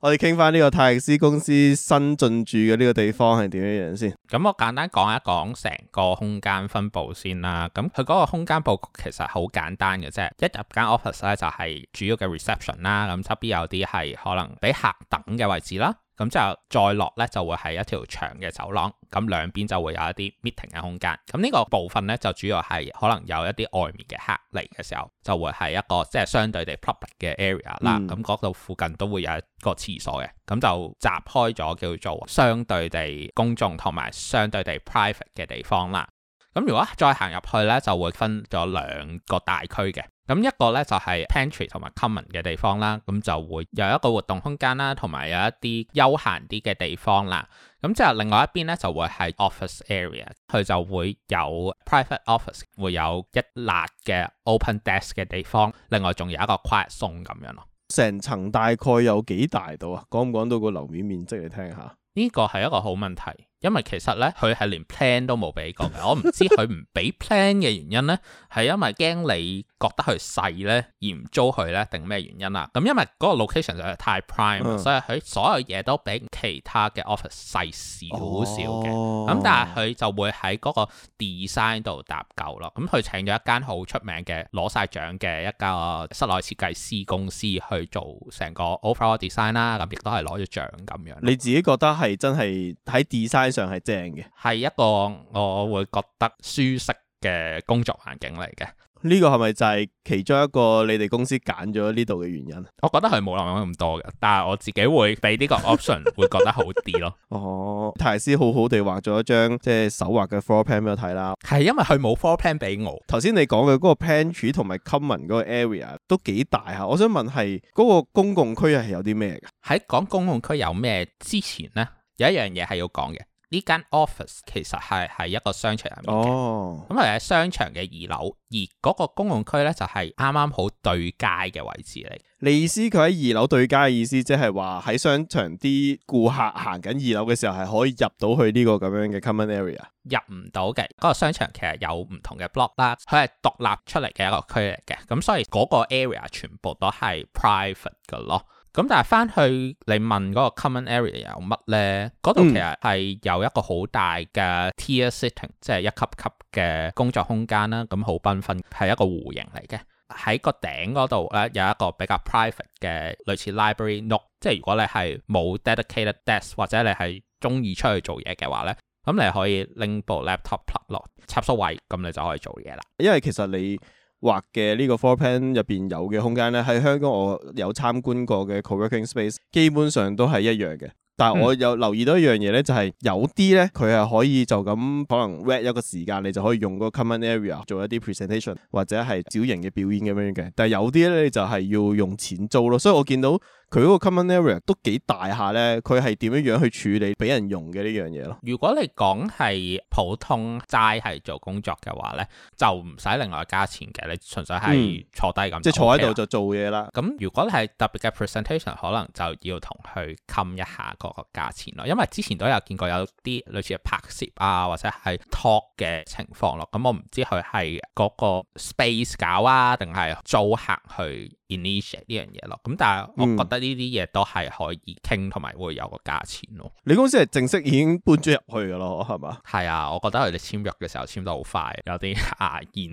我哋傾翻呢個泰迪斯公司新進駐嘅呢個地方係點樣先？咁我簡單講一講成個空間分佈先啦。咁佢嗰個空間佈局其實好簡單嘅啫，一入間 office 咧就係、是、主要嘅 reception 啦，咁側邊有啲係可能俾客等嘅位置啦。咁之後再落咧就會係一條長嘅走廊，咁兩邊就會有一啲 meeting 嘅空間。咁呢個部分咧就主要係可能有一啲外面嘅客嚟嘅時候，就會係一個即係、就是、相對地 public 嘅 area 啦、嗯。咁嗰度附近都會有一個廁所嘅，咁就閘開咗叫做相對地公眾同埋相對地 private 嘅地方啦。咁如果再行入去咧，就會分咗兩個大區嘅。咁一個咧就係、是、pantry 同埋 common 嘅地方啦，咁就會有一個活動空間啦，同埋有一啲休閒啲嘅地方啦。咁之後另外一邊咧就會係 office area，佢就會有 private office，會有一笪嘅 open desk 嘅地方。另外仲有一個 quiet zone 咁樣咯。成層大概有幾大度啊？講唔講到個樓面面積嚟聽，聽下？呢個係一個好問題。因為其實咧，佢係連 plan 都冇俾過嘅，我唔知佢唔俾 plan 嘅原因咧，係 因為驚你覺得佢細咧，而唔租佢咧，定咩原因啊？咁因為嗰個 location 就係太 prime、嗯、所以佢所有嘢都比其他嘅 office 細少少嘅。咁、哦、但係佢就會喺嗰個 design 度搭夠咯。咁佢請咗一間好出名嘅攞晒獎嘅一間室內設計師公司去做成個 overall design 啦。咁亦都係攞咗獎咁樣。你自己覺得係真係喺 design？上係正嘅，係一個我會覺得舒適嘅工作環境嚟嘅。呢個係咪就係其中一個你哋公司揀咗呢度嘅原因？我覺得係冇諗咁多嘅，但係我自己會俾呢個 option 會覺得好啲咯。哦，泰斯好好地畫咗一張即係手畫嘅 floor plan 俾我睇啦。係因為佢冇 floor plan 俾我。頭先你講嘅嗰個 pantry 同埋 common 嗰個 area 都幾大吓。我想問係嗰、嗰個公共區係有啲咩嘅？喺講公共區有咩之前咧，有一樣嘢係要講嘅。呢間 office 其實係喺一個商場入面哦，咁係喺商場嘅二樓，而嗰個公共區咧就係啱啱好對街嘅位置嚟。你意思佢喺二樓對街嘅意思，即係話喺商場啲顧客行緊二樓嘅時候，係可以入到去呢個咁樣嘅 common area？入唔到嘅，嗰、那個商場其實有唔同嘅 block 啦，佢係獨立出嚟嘅一個區域嘅，咁所以嗰個 area 全部都係 private 嘅咯。咁但係翻去你問嗰個 common area 有乜呢？嗰度、嗯、其實係有一個好大嘅 tiered seating，即係一級級嘅工作空間啦。咁好繽紛，係一個弧形嚟嘅。喺個頂嗰度咧有一個比較 private 嘅類似 library nook。即係如果你係冇 dedicated desk 或者你係中意出去做嘢嘅話呢，咁你可以拎部 laptop 落插蘇位，咁你就可以做嘢啦。因為其實你畫嘅呢個 floor plan 入邊有嘅空間呢，喺香港我有參觀過嘅 co-working space 基本上都係一樣嘅。但係我有留意到一樣嘢呢，就係有啲呢，佢係可以就咁可能 rent 一個時間，你就可以用嗰個 common area 做一啲 presentation 或者係小型嘅表演嘅咁樣嘅。但係有啲呢，就係要用錢租咯，所以我見到。佢嗰個 common area 都幾大下咧，佢係點樣樣去處理俾人用嘅呢樣嘢咯？如果你講係普通齋係做工作嘅話咧，就唔使另外加錢嘅，你純粹係坐低咁、嗯。即係坐喺度就做嘢啦。咁如果你係特別嘅 presentation，可能就要同佢冚一下嗰個價錢咯。因為之前都有見過有啲類似拍攝啊，或者係 talk 嘅情況咯。咁我唔知佢係嗰個 space 搞啊，定係租客去？initial 呢樣嘢咯，咁但係我覺得呢啲嘢都係可以傾同埋會有個價錢咯、嗯。你公司係正式已經搬咗入去噶咯，係嘛？係啊，我覺得佢哋簽約嘅時候簽得好快，有啲牙煙。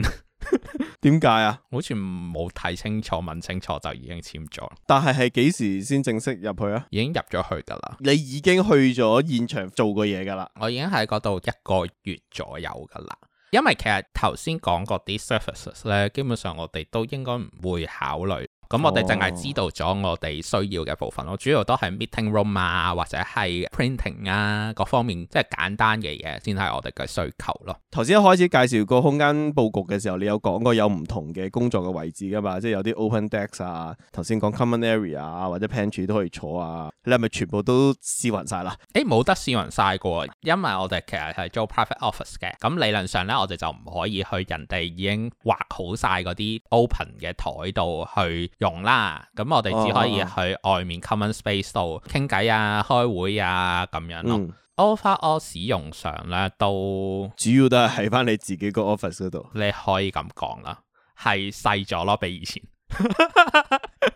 點解啊？好似冇睇清楚問清楚就已經簽咗。但係係幾時先正式入去啊？已經入咗去㗎啦。你已經去咗現場做過嘢㗎啦。我已經喺嗰度一個月左右㗎啦。因為其實頭先講過啲 services 咧，基本上我哋都應該唔會考慮。咁我哋淨係知道咗我哋需要嘅部分咯，哦、主要都係 meeting room 啊，或者係 printing 啊，各方面即係簡單嘅嘢先係我哋嘅需求咯。頭先一開始介紹個空間佈局嘅時候，你有講過有唔同嘅工作嘅位置噶嘛？即係有啲 open desks 啊，頭先講 common area 啊，或者 pantry 都可以坐啊。你係咪全部都試勻晒啦？誒，冇得試勻晒過，因為我哋其實係做 private office 嘅。咁理論上呢，我哋就唔可以去人哋已經劃好晒嗰啲 open 嘅台度去用啦，咁我哋只可以去外面 common space 度傾偈啊、開會啊咁樣咯。Office，嗯、使用上咧，都主要都係喺返你自己個 office 嗰度，你可以咁講啦，係細咗咯，比以前。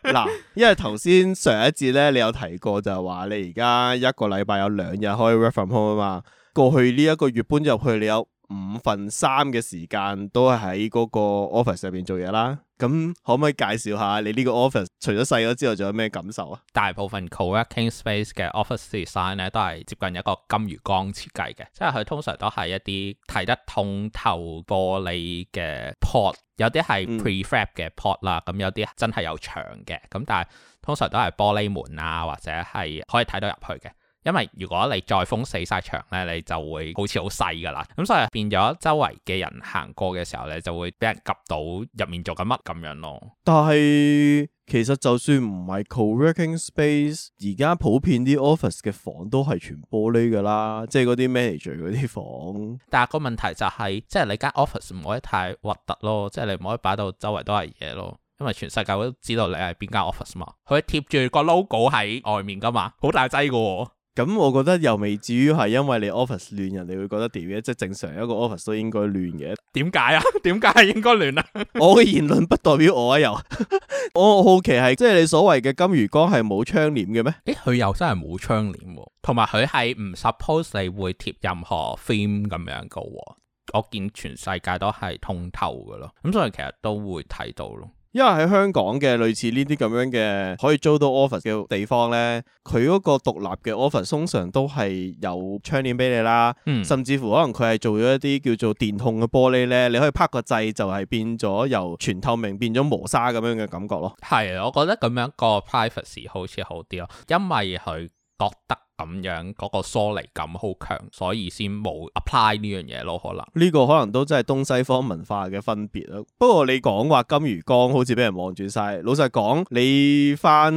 嗱， 因為頭先上一節咧，你有提過就係話你而家一個禮拜有兩日可以 work from home 啊嘛，過去呢一個月搬入去你有，五分三嘅時間都係喺嗰個 office 上面做嘢啦，咁可唔可以介紹下你呢個 office？除咗細咗之外，仲有咩感受啊？大部分 coworking space 嘅 office design 咧，都係接近一個金魚缸設計嘅，即係佢通常都係一啲睇得通透玻璃嘅 pod，有啲係 prefab 嘅 pod 啦，嗯，咁有啲真係有牆嘅，咁但係通常都係玻璃門啊，或者係可以睇到入去嘅。因為如果你再封死晒牆咧，你就會好似好細噶啦。咁所以變咗周圍嘅人行過嘅時候咧，你就會俾人 𥄫 到入面做緊乜咁樣咯。但係其實就算唔係 coworking space，而家普遍啲 office 嘅房都係全玻璃噶啦，即係嗰啲 manager 嗰啲房。但係個問題就係，即係你間 office 唔可以太核突咯，即係你唔可以擺到周圍都係嘢咯。因為全世界都知道你係邊間 office 嘛，佢貼住個 logo 喺外面噶嘛，好大劑噶喎。咁我覺得又未至於係因為你 office 亂人，你會覺得點咧？即係正常一個 office 都應該亂嘅。點解啊？點解係應該亂啊？ 我嘅言論不代表我啊！又 我好奇係即係你所謂嘅金魚缸係冇窗簾嘅咩？誒、欸，佢又真係冇窗簾、啊，同埋佢係唔 suppose 你會貼任何 film 咁樣噶、啊。我見全世界都係通透噶咯，咁所以其實都會睇到咯。因為喺香港嘅類似呢啲咁樣嘅可以租到 office 嘅地方呢，佢嗰個獨立嘅 office 通常都係有窗簾俾你啦，嗯，甚至乎可能佢係做咗一啲叫做電控嘅玻璃呢，你可以拍個掣就係變咗由全透明變咗磨砂咁樣嘅感覺咯。係，我覺得咁樣個 privacy 好似好啲咯，因為佢覺得。咁樣嗰個疏離感好強，所以先冇 apply 呢樣嘢咯。可能呢個可能都真係東西方文化嘅分別啊。不過你講話金魚缸好似俾人望住晒，老實講，你返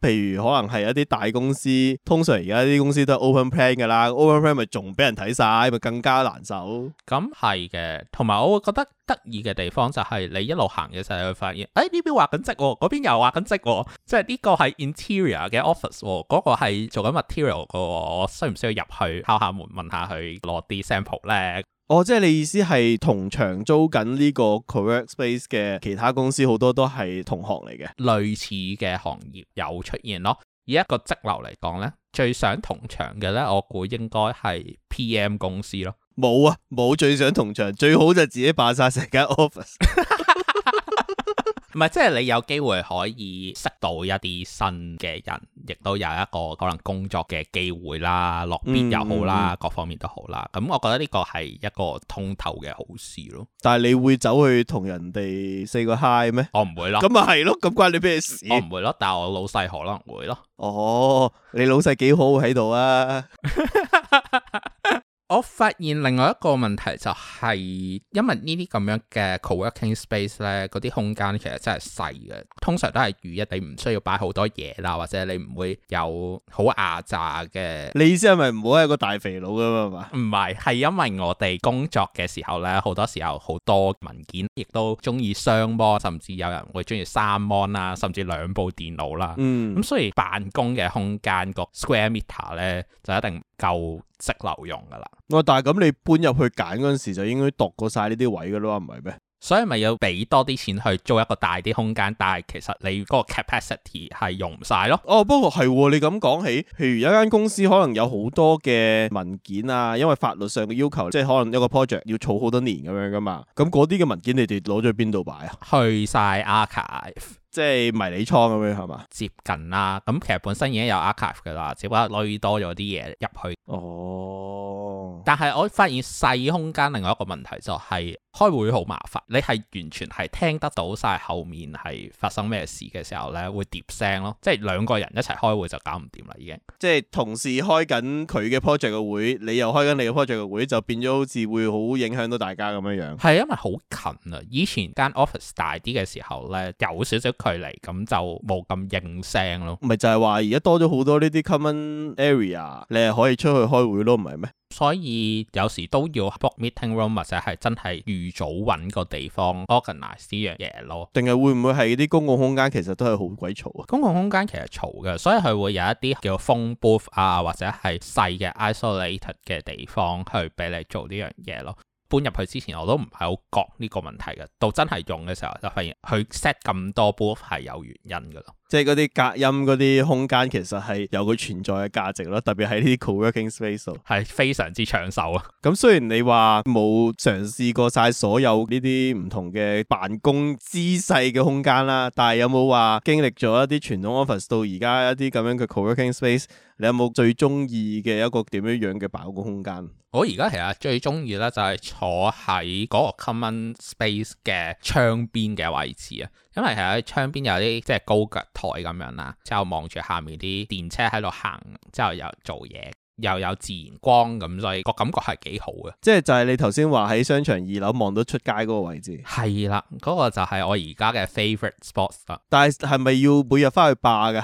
譬如可能係一啲大公司，通常而家啲公司都係 open plan 噶啦，open plan 咪仲俾人睇晒咪更加難受。咁係嘅，同埋我會覺得。得意嘅地方就係你一路行嘅時候，會發現，哎，呢邊畫緊織，嗰邊又畫緊織，即係呢個係 interior 嘅 office，嗰個係做緊 material 嘅。我需唔需要入去敲下門問下佢攞啲 sample 咧？哦，即係你意思係同場租緊呢個 co-working space 嘅其他公司好多都係同行嚟嘅，類似嘅行業有出現咯。以一個則樓嚟講呢，最想同場嘅呢，我估應該係 PM 公司咯。冇啊，冇最想同場，最好就自己擺晒成間 office。 唔係，即係你有機會可以識到一啲新嘅人，亦都有一個可能工作嘅機會啦，落邊又好啦，嗯嗯、各方面都好啦。咁我覺得呢個係一個通透嘅好事咯。但係你會走去同人哋 say 個 hi 咩？我唔會啦咯。咁咪係咯，咁關你咩事？我唔會咯，但係我老細可能會咯。哦，你老細幾好喺度啊！ 我發現另外一個問題就係，因為這這呢啲咁樣嘅 co-working space 咧，嗰啲空間其實真係細嘅，通常都係預一啲唔需要擺好多嘢啦，或者你唔會有好壓榨嘅。你意思係咪唔好係個大肥佬咁嘛？唔係，係因為我哋工作嘅時候咧，好多時候好多文件，亦都中意雙 mon，甚至有人會中意三 mon 啦，甚至兩部電腦啦。嗯。咁、嗯、所以辦公嘅空間個 square meter 咧就一定。夠積流用噶啦，喂、哦，但係咁你搬入去揀嗰陣時就應該度過晒呢啲位噶啦，唔係咩？所以咪要俾多啲錢去租一個大啲空間，但係其實你嗰個 capacity 係用唔晒咯。哦，不過係、哦、你咁講起，譬如有一間公司可能有好多嘅文件啊，因為法律上嘅要求，即係可能一個 project 要儲好多年咁樣噶嘛，咁嗰啲嘅文件你哋攞咗去邊度擺啊？去晒 archive。即係迷你倉咁樣係嘛？接近啦，咁其實本身已經有 archive 㗎啦，只不過攞多咗啲嘢入去。哦，但係我發現細空間另外一個問題就係。開會好麻煩，你係完全係聽得到晒後面係發生咩事嘅時候咧，會疊聲咯。即係兩個人一齊開會就搞唔掂啦，已經。即係同事開緊佢嘅 project 嘅會，你又開緊你嘅 project 嘅會，就變咗好似會好影響到大家咁樣樣。係因為好近啊！以前間 office 大啲嘅時候咧，有少少距離，咁就冇咁應聲咯。咪就係話而家多咗好多呢啲 common area，你係可以出去開會咯，唔係咩？所以有時都要 book meeting room 或者係真係預早搵個地方 organize 呢樣嘢咯，定係會唔會係啲公共空間其實都係好鬼嘈啊？公共空間其實嘈嘅，所以佢會有一啲叫 phone booth 啊或者係細嘅 isolated 嘅地方去俾你做呢樣嘢咯。搬入去之前我都唔係好覺呢個問題嘅，到真係用嘅時候就發現佢 set 咁多 booth 係有原因噶咯。即係嗰啲隔音嗰啲空間，其實係有佢存在嘅價值咯。特別係呢啲 co-working space，係非常之搶手啊。咁雖然你話冇嘗試過晒所有呢啲唔同嘅辦公姿勢嘅空間啦，但係有冇話經歷咗一啲傳統 office 到而家一啲咁樣嘅 co-working space？你有冇最中意嘅一個點樣樣嘅辦公空間？我而家其實最中意咧，就係坐喺嗰個 common space 嘅窗邊嘅位置啊！因為係喺窗邊有啲即係高腳台咁樣啦，之後望住下面啲電車喺度行，之後又做嘢，又有自然光咁，所以個感覺係幾好嘅。即係就係你頭先話喺商場二樓望到出街嗰個位置。係啦，嗰、嗰個就係我而家嘅 favorite spot 啦。但係係咪要每日翻去霸噶？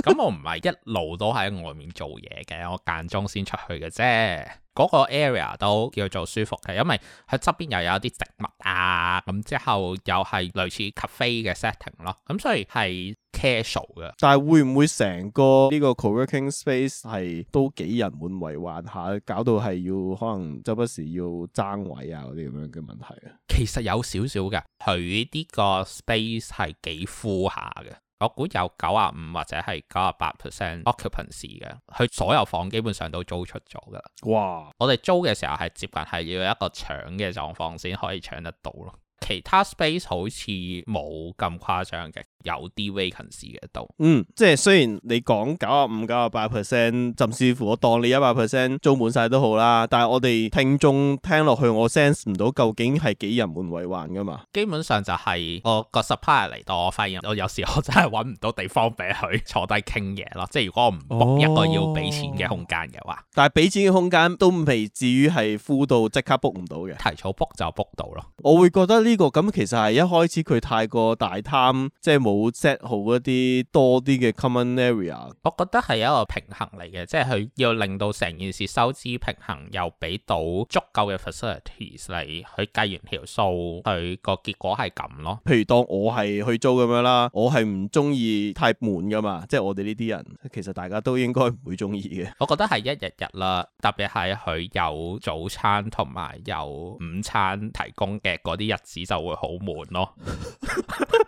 咁、 嗯、我唔係一路都喺外面做嘢嘅，我間中先出去嘅啫。嗰個 area 都叫做舒服嘅，因為喺側邊又有啲植物啊，咁之後又係類似 cafe 嘅 setting 咯，咁所以係 casual 嘅。但係會唔會成個呢個 co-working space 係都幾人滿為患下，搞到係要可能周不時要爭位啊嗰啲咁樣嘅問題啊？其實有少少嘅，佢呢個 space 係幾寬下嘅。我估有九十五或者係九十八 percent occupancy 嘅，佢所有房基本上都租出咗噶啦。哇！我哋租嘅時候係接近係要一個搶嘅狀況先可以搶得到咯。其他 space 好似冇咁誇張嘅。有啲 vacancy 嘅度，嗯，即係雖然你講九啊五、九啊八 percent，甚至乎我當你一百 percent 租滿晒都好啦，但係我哋聽眾聽落去，我 sense 唔到究竟係幾人滿為患噶嘛？基本上就係、是、我個 supply 嚟到，我發現我有時我真係搵唔到地方俾佢坐低傾嘢咯。即係如果我唔 book 一個要俾錢嘅空間嘅話，哦哦、但係俾錢嘅空間都未至於係 full 到即刻 book 唔到嘅，提早 book 就 book 到咯。我會覺得呢、這個咁、嗯、其實係一開始佢太過大貪，即係。好 set 好一啲多啲嘅 common area，我覺得係一個平衡嚟嘅，即係佢要令到成件事收支平衡，又俾到足夠嘅 facilities 嚟去計完條數，佢個結果係咁咯。譬如當我係去租咁樣啦，我係唔中意太悶㗎嘛，即係我哋呢啲人其實大家都應該唔會中意嘅。我覺得係一日日啦，特別係佢有早餐同埋有午餐提供嘅嗰啲日子就會好悶咯。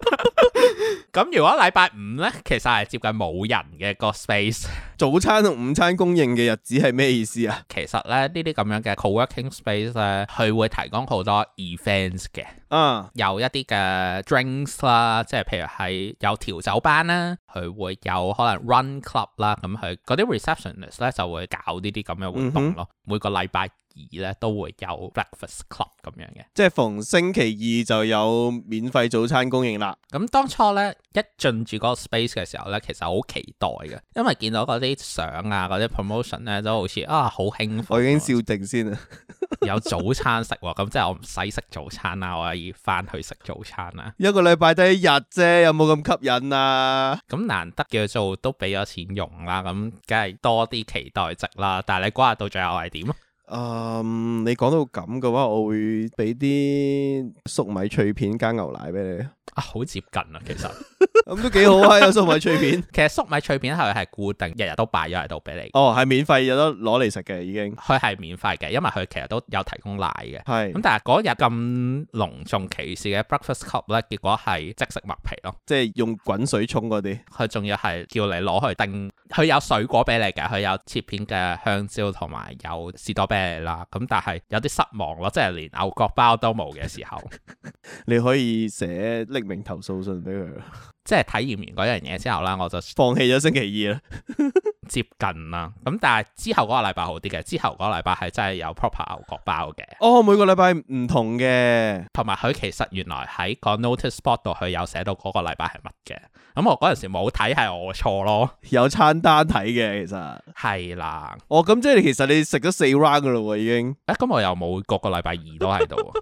咁 如果禮拜五呢，其實係接近冇人嘅個 space。早餐同午餐供應嘅日子係咩意思啊？其實呢呢啲咁樣嘅 co-working space 咧，佢會提供好多 events 嘅。嗯，uh, 有一啲嘅 drinks 啦，即係譬如係有調酒班啦，佢會有可能 run club 啦，咁佢嗰啲 receptionist 咧就會搞呢啲咁嘅活動咯。嗯、哼每個禮拜。二咧都會有 breakfast club 咁樣嘅，即係逢星期二就有免費早餐供應啦。咁當初咧一進住嗰個 space 嘅時候咧，其實好期待嘅，因為見到嗰啲相啊、嗰啲 promotion 咧都好似啊好興奮。啊、我已經笑定先啊，有早餐食喎、啊，咁 即係我唔使食早餐啦，我又要翻去食早餐啦。一個禮拜得一日啫，有冇咁吸引啊？咁難得叫做都俾咗錢用啦，咁梗係多啲期待值啦。但係你嗰日到最後係點 嗯，um, 你講到咁嘅話，我會俾啲粟米脆片加牛奶俾你。啊，好接近啊， 其實咁都幾好啊，有粟米脆片。其實粟米脆片係係固定日日都擺咗喺度俾你。哦，係免費有得攞嚟食嘅已經。佢係免費嘅，因為佢其實都有提供奶嘅。係咁是，但係嗰日咁隆重其事嘅 Breakfast Cup 咧，結果係即食麥皮咯，即係用滾水沖嗰啲。佢仲要係叫你攞去叮。佢有水果俾你嘅，佢有切片嘅香蕉同埋有士多啤梨啦。咁但係有啲失望咯，即係連牛角包都冇嘅時候， 你可以寫匿名投訴信俾佢，即係體驗完嗰樣嘢之後啦，我就放棄咗星期二啦。 接近啦。咁但係之後嗰個禮拜好啲嘅，之後嗰個禮拜係真係有 proper 牛角包嘅。哦，每個禮拜唔同嘅，同埋佢其實原來喺個 notice spot 度，佢有寫到嗰個禮拜係乜嘅。咁我嗰陣時冇睇，係我錯咯。有餐單睇嘅，其實係啦。哦，咁即係其實你食咗四 round 噶啦，已經誒，咁、欸、我又冇個個禮拜二都喺度。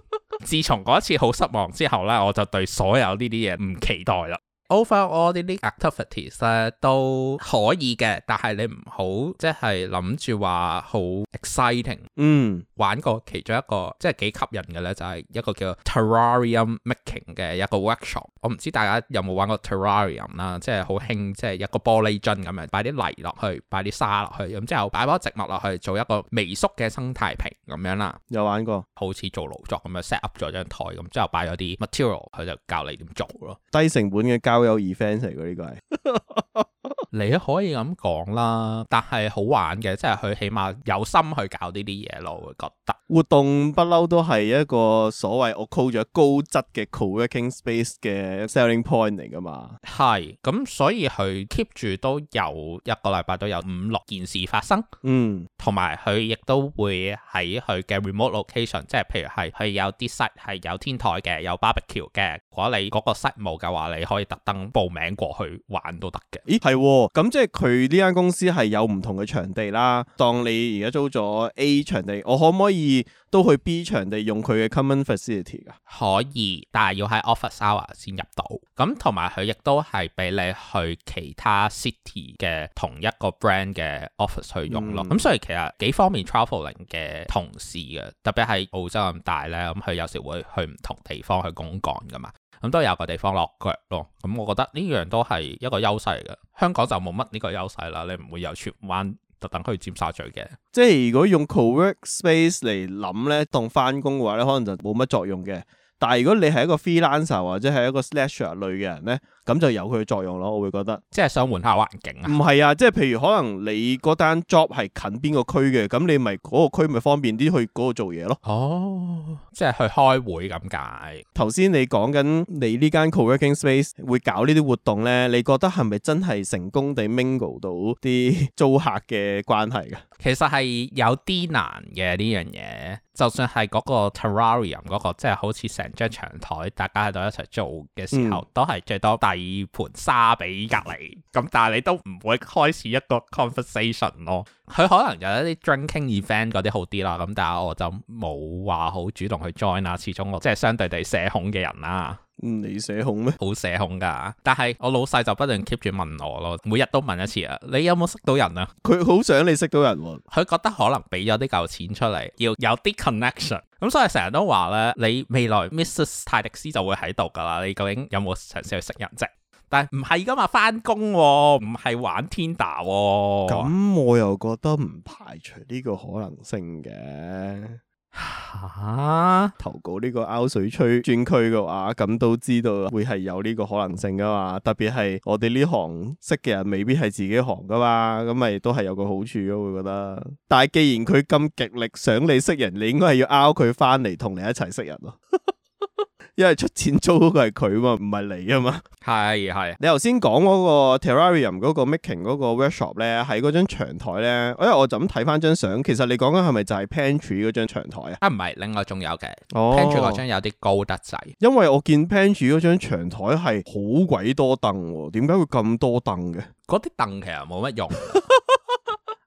自從嗰一次好失望之後咧，我就對所有呢啲嘢唔期待啦。overall 啲啲 activities、uh, 都可以嘅，但係你唔好即係諗住話好 exciting。嗯，玩過其中一個即係幾吸引嘅咧，就係、是、一個叫 terrarium making 嘅一個 workshop。我唔知大家有冇玩過 terrarium 啦、啊，即係好興，即係一個玻璃樽咁樣，擺啲泥落去，擺啲沙落去，咁之後擺咗植物落去，做一個微縮嘅生態瓶咁樣啦。有玩過，好似做勞作咁樣 set up 咗張台，咁之後擺咗啲 material，佢就教你點做咯。低成本嘅教都有 fans 嚟噶呢個係， 你可以咁講啦，但係好玩嘅，即係佢起碼有心去搞呢啲嘢咯。我覺得活動不嬲都係一個所謂我 call 咗高質嘅 co-working space 嘅 selling point 嚟噶嘛？係，咁所以佢 keep 住都有一個禮拜都有五六件事發生。嗯。同埋佢亦都會喺佢嘅 remote location，即係譬如係佢有啲室係有天台嘅，有 barbecue 嘅。如果你嗰個室冇嘅話，你可以特登報名過去玩都得嘅。咦，係咁、哦、即係佢呢間公司係有唔同嘅場地啦。當你而家租咗 A 場地，我可唔可以都去 B 場地用佢嘅 common facility 㗎、啊？可以，但係要喺 office hour 先入到。咁同埋佢亦都係俾你去其他 city 嘅同一個 brand 嘅 office 去用咯。咁、嗯、所以。其實幾方面 travelling 嘅同事嘅，特別係澳洲咁大咧，咁、嗯、佢有時會去唔同地方去公幹噶嘛，咁、嗯、都有個地方落腳咯。咁、嗯、我覺得呢樣都係一個優勢嘅。香港就冇乜呢個優勢啦，你唔會由荃灣特登去尖沙咀嘅。即係如果用 co-work space 嚟諗咧，當返工嘅話咧，可能就冇乜作用嘅。但係如果你係一個 freelancer 或者係一個 slasher 類嘅人咧。咁就有佢嘅作用咯，我會覺得，即係想換下環境啊？唔係啊，即係譬如可能你單 job 係近邊個區嘅，咁你咪、嗰個區咪方便啲去嗰度做嘢咯。哦，即係去開會，咁解。頭先你講緊你呢間 co-working space 會搞呢啲活動咧，你覺得係咪真係成功地 mingle 到啲租客嘅關係，嘅？其實係有啲難嘅呢樣嘢，就算係嗰個 terrarium 嗰、嗰個，即、就、係、是、好似成張長台，大家喺度一齊做嘅時候，嗯、都係最多大。你盤沙比隔籬，咁但係你都唔會開始一個 conversation 咯。佢可能有一啲 drinking event 嗰啲好啲啦，咁但係我就冇話好主動去 join 啊。始終我即係相對地社恐嘅人啦。嗯你社恐咩？好社恐噶，但係我老細就不斷 keep 住問我咯，每日都問一次啊，你有冇識到人啊？佢好想你識到人，啊，佢覺得可能俾咗啲嚿錢出嚟，要有啲 connection，咁所以成日都話咧，你未來 Mrs 泰迪斯就會喺度噶啦，你究竟有冇嘗試去識人啫，啊？但係唔係噶嘛，翻工唔係玩 Tinder。咁我又覺得唔排除呢個可能性嘅。吓！哈投稿呢個拗水吹專區嘅話，咁都知道會係有呢個可能性㗎嘛。特別係我哋呢行識嘅人，未必係自己行㗎嘛，咁咪都係有個好處咯。會覺得，但係既然佢咁極力想你識人，你應該係要拗佢返嚟，同你一齊識人咯。 因為出錢租嗰個係佢啊嘛，唔係你啊嘛。係係，你頭先講嗰個 Terrarium 嗰個 making 嗰個 workshop 咧，喺嗰張長台咧，哎，我我就咁睇翻張相，其實你講緊係咪就係 pantry 嗰張長台啊？啊唔係，另外仲有嘅、oh，pantry 嗰張有啲高得滯，因為我見 pantry 嗰張長台係好鬼多凳喎，點解會咁多凳嘅？嗰啲凳其實冇乜用。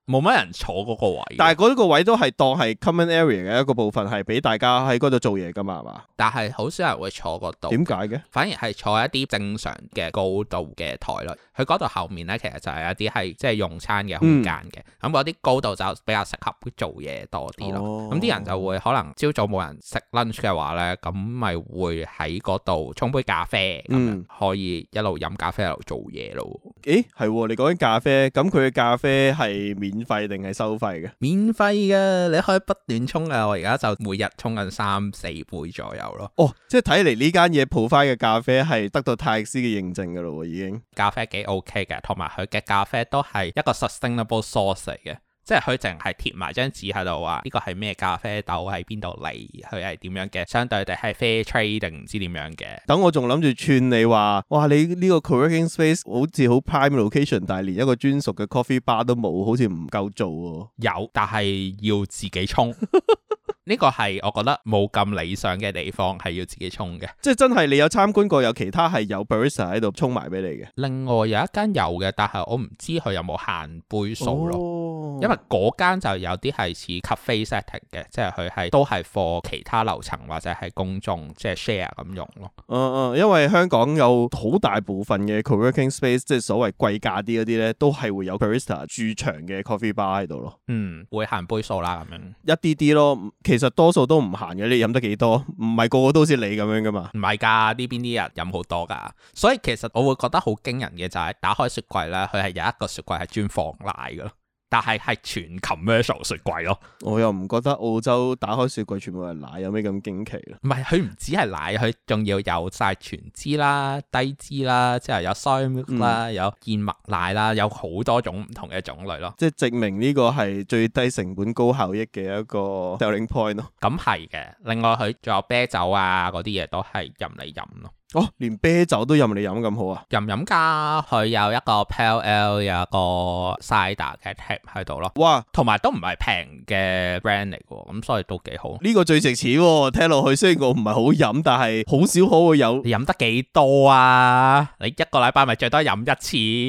冇乜人坐嗰個位，但係嗰個位都係當係 common area 嘅一個部分，係俾大家喺嗰度做嘢㗎嘛，係嘛？但係好少人會坐嗰度，點解嘅？反而係坐一啲正常嘅高度嘅台咯。佢嗰度後面咧，其實就係一啲係即係用餐嘅空間嘅。咁嗰啲高度就比較適合做嘢多啲咯。咁啲、哦、人就會可能朝早冇人食 lunch 嘅話咧，咁咪會喺嗰度沖杯咖啡，咁、嗯、可以一路飲咖啡，一路做嘢咯、嗯。誒，係你講緊咖啡，咁佢嘅咖啡係費免費定係收費嘅？免費嘅，你可以不斷沖嘅。我而家就每日沖緊三四杯左右咯。哦，即係睇嚟呢間嘢泡翻嘅咖啡係得到泰迪斯嘅認證噶咯，已經咖啡幾 OK 嘅，同埋佢嘅咖啡都係一個 sustainable source 嚟嘅。即係佢淨係貼埋張紙喺度話呢個係咩咖啡豆喺邊度嚟，佢係點樣嘅，相對地係 fair trade 定唔知點樣嘅。等我仲諗住串你話，哇！你呢個 co-working space 好似好 prime location，但係連一個專屬嘅 coffee bar 都冇，好似唔夠做喎。有，但係要自己沖。 呢個係我覺得冇咁理想嘅地方，係要自己沖嘅，即係真係你有參觀過有其他係有 barista 喺度沖埋俾你嘅。另外有一間有嘅，但係我唔知佢有冇限杯數咯，哦、因為嗰間就有啲係似 cafe setting 嘅，即係佢係都係 for 其他樓層或者係公眾即係 share 咁用咯。嗯嗯，因為香港有好大部分嘅 co-working space，即係所謂貴價啲嗰啲咧，都係會有 barista 駐場嘅 coffee bar 喺度咯。嗯，會限杯數啦，咁樣一啲啲咯。其實多數都唔行嘅，你飲得幾多？唔係個個都好似你咁樣㗎嘛。唔係㗎，呢邊啲人飲好多㗎。所以其實我會覺得好驚人嘅就係打開雪櫃啦，佢係有一個雪櫃係專放奶㗎。但係係全 commercial 雪櫃咯，我又唔覺得澳洲打開雪櫃全部係奶，有咩咁驚奇？唔係，佢唔止係奶，佢仲要有晒全脂啦、低脂啦，即係有雙乳啦、嗯、有燕麥奶啦，有好多種唔同嘅種類咯。即係證明呢個係最低成本高效益嘅一個 selling point 咯。咁係嘅，另外佢仲有啤酒啊，嗰啲嘢都係任你飲咯。哦，連啤酒都任你飲咁好啊？任飲噶，佢有一個 Pale Ale 有一個 Cider 嘅 Tap 喺度咯。哇，同埋都唔係平嘅 brand 嚟嘅，咁所以都幾好。呢個最值錢，聽落去雖然我唔係好飲，但係好少可會飲。飲得幾多啊？你一個禮拜咪最多飲一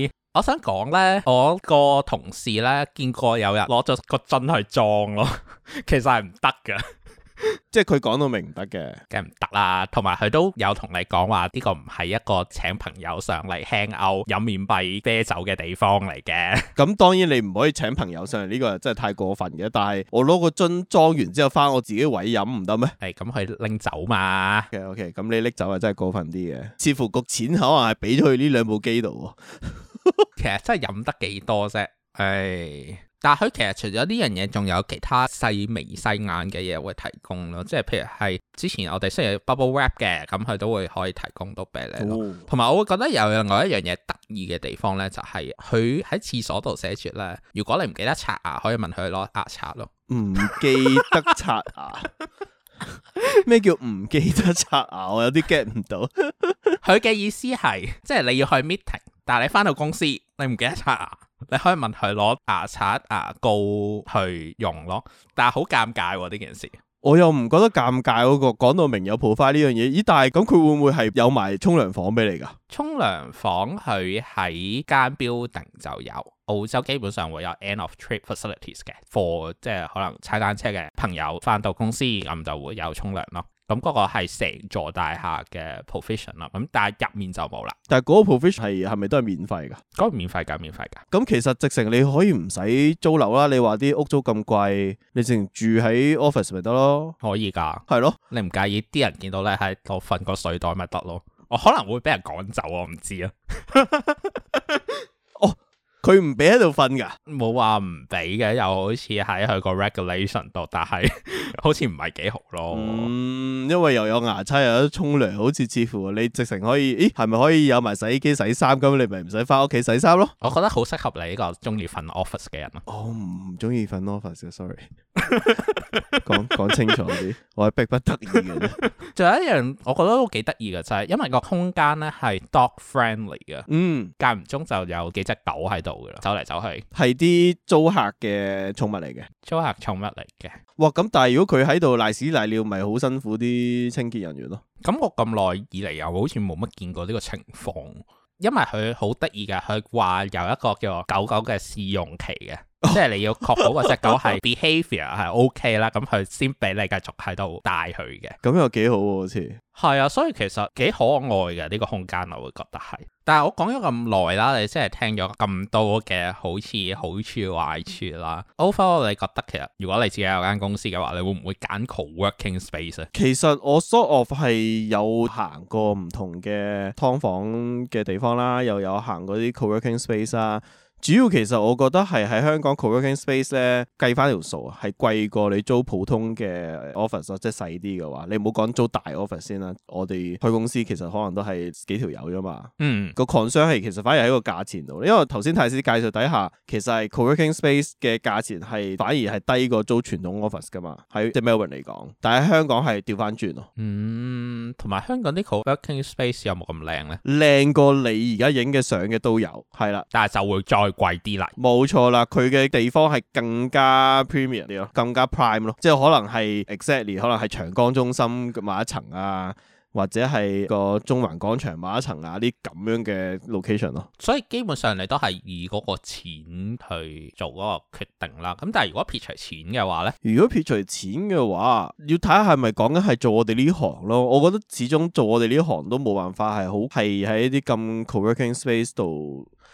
次。我想講呢，我個同事呢，見過有人攞咗個樽去裝咯，其實係唔得噶。 即係佢講到明唔得嘅，梗唔得啦。同埋佢都有同你講話，呢個唔係一個請朋友上嚟 hang out 飲免費啤酒嘅地方嚟嘅。咁 當然你唔可以請朋友上嚟，呢、這個真係太過分嘅。但係我攞個樽裝完之後，返我自己位飲唔得咩？係咁去拎酒嘛？OK o、okay，咁你拎酒係真係過分啲嘅。似乎個錢可能係俾咗佢呢兩部機度。 其實真係飲得幾多啫。唉、哎。但係佢其實除咗呢樣嘢，仲有其他細眉細眼嘅嘢會提供咯，即係譬如係之前我哋需要有 bubble wrap 嘅，咁佢都會可以提供到俾你咯。同埋、哦、我會覺得有另外一樣嘢得意嘅地方咧，就係佢喺廁所度寫住咧，如果你唔記得刷牙，可以問佢攞牙刷咯。唔、嗯、記得刷牙？咩 叫唔、嗯、記得刷牙？我有啲 get 唔到。佢 嘅意思係，即、就、係、是、你要去 meeting，但係你翻到公司，你唔記得刷牙。你可以問佢攞牙刷、牙膏去用咯，但係好尷尬喎呢件事。我又唔覺得尷尬嗰個，講到明有補翻呢樣嘢。咦？但係咁佢會唔會係有埋沖涼房俾你㗎？沖涼房佢喺間 building 就有。澳洲基本上會有 end of trip facilities 嘅，for 即係可能踩單車嘅朋友翻到公司咁就會有沖涼咯。咁嗰個係成座大廈嘅 profession 啦，咁但係入面就冇啦。但係嗰個 profession 係係咪都係免費噶？嗰個免費噶，免費噶。咁其實直情你可以唔使租樓啦。你話啲屋租咁貴，你直情住喺 office 咪得咯？可以噶，係咯。的你唔介意啲人見到你喺度瞓個睡袋咪得咯？我可能會俾人趕走，我唔知啊。 佢唔俾喺度瞓噶？冇話唔俾嘅，又好似喺佢個 regulation 度，但係 好似唔係幾好咯、嗯。因為又有牙刷，又有沖涼，好似似乎你直情可以，咦，係咪可以有埋洗衣機洗衫？咁你咪唔使翻屋企洗衫咯。我覺得好適合你呢個中意瞓 office 嘅人。我唔中意瞓 office 嘅，sorry。講講 清楚啲，我係逼不得已嘅。仲 有一樣，我覺得都幾得意嘅就係、是，因為個空間咧係 dog friendly 嘅。嗯，間唔中就有幾隻狗喺度。走嚟走去，係啲租客嘅寵物嚟嘅，租客寵物嚟嘅。哇，咁但係如果佢喺度瀨屎瀨尿，尿，咪好辛苦啲清潔人員咯。咁我咁耐以嚟又好似冇乜見過呢個情況，因為佢好得意嘅，佢話有一個叫狗狗嘅試用期嘅。 即係你要確保個隻狗係 behavior 係 OK 啦，咁佢先俾你繼續喺度帶佢嘅。咁又幾好喎，好似。係啊，所以其實幾可愛嘅呢個空間，我會覺得係。但係我講咗咁耐啦，你真係聽咗咁多嘅好似好處、好處壞處啦。Overall，你覺得其實如果你自己有間公司嘅話，你會唔會揀 co-working space 啊？其實我 sort of 係有行過唔同嘅劏房嘅地方啦，又有行嗰啲 co-working space 啦。主要其實我覺得係喺香港 co-working space 咧計翻條數啊，係貴過你租普通嘅 office，即係細啲嘅話，你唔好講租大 office 先啦。我哋去公司其實可能都係幾條友啫嘛。嗯，個 concern 係其實反而喺個價錢度，因為頭先太師介紹底下，其實係 co-working space 嘅價錢係反而係低過租傳統 office 噶嘛。喺即 Melbourne 嚟講，但係香港係調翻轉咯。嗯，同埋香港啲 co-working space 有冇咁靚咧？靚過你而家影嘅相嘅都有，係啦，但係就會再。貴啲啦，冇錯啦，佢嘅地方係更加 premium 啲咯，更加 prime 咯，即係可能係 exactly 可能係長江中心某一層啊，或者係個中環廣場某一層啊啲咁樣嘅 location 咯。所以基本上你都係以嗰個錢去做嗰個決定啦。咁但係如果撇除錢嘅話咧，如果撇除錢嘅話，要睇下係咪講緊係做我哋呢行咯。我覺得始終做我哋呢行都冇辦法係好係喺啲咁 co-working space 度。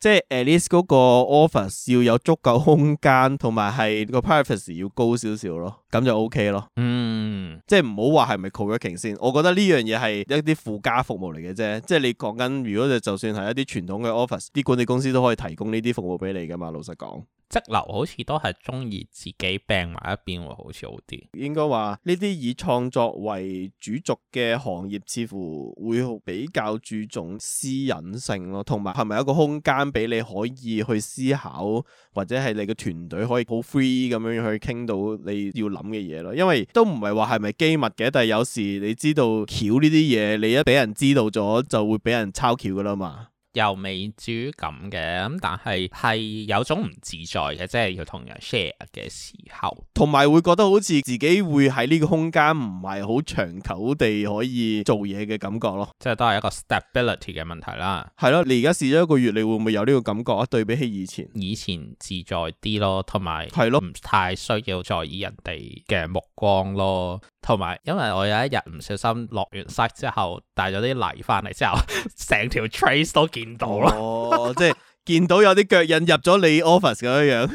即係 at least 個 office 要有足夠空間同埋係個 privacy 要高少少咯，咁就 OK 咯。嗯，即係唔好話係咪 co-working 先，我覺得呢樣嘢係一啲附加服務嚟嘅啫。即係你講緊如果就就算係一啲傳統嘅 office，啲管理公司都可以提供呢啲服務俾你噶嘛。老實講，則樓好似都係鍾意自己病埋一邊會好似好啲。應該話呢啲以創作為主軸嘅行業似乎會比較注重私隱性咯，同埋係咪一個空間。俾你可以去思考，或者係你個團隊可以好 free 咁樣去傾到你要諗嘅嘢咯。因為都唔係話係咪機密嘅，但係有時你知道橋呢啲嘢，你一俾人知道咗，就會俾人抄橋噶啦嘛。又未至於咁嘅，咁但係係有種唔自在嘅，即係要同人 share 嘅時候，同埋會覺得好似自己會喺呢個空間唔係好長久地可以做嘢嘅感覺咯。即係都係一個 stability 嘅問題啦。係咯，你而家試咗一個月，你會唔會有呢個感覺啊？對比起以前，以前自在啲咯，同埋係咯，唔太需要在意人哋嘅目光咯。同埋因為我有一日唔小心落完沙之後，帶咗啲泥翻嚟之後，成條 trace 都見唔到咯，oh, 即係見到有啲腳印入咗你 office 咁樣樣，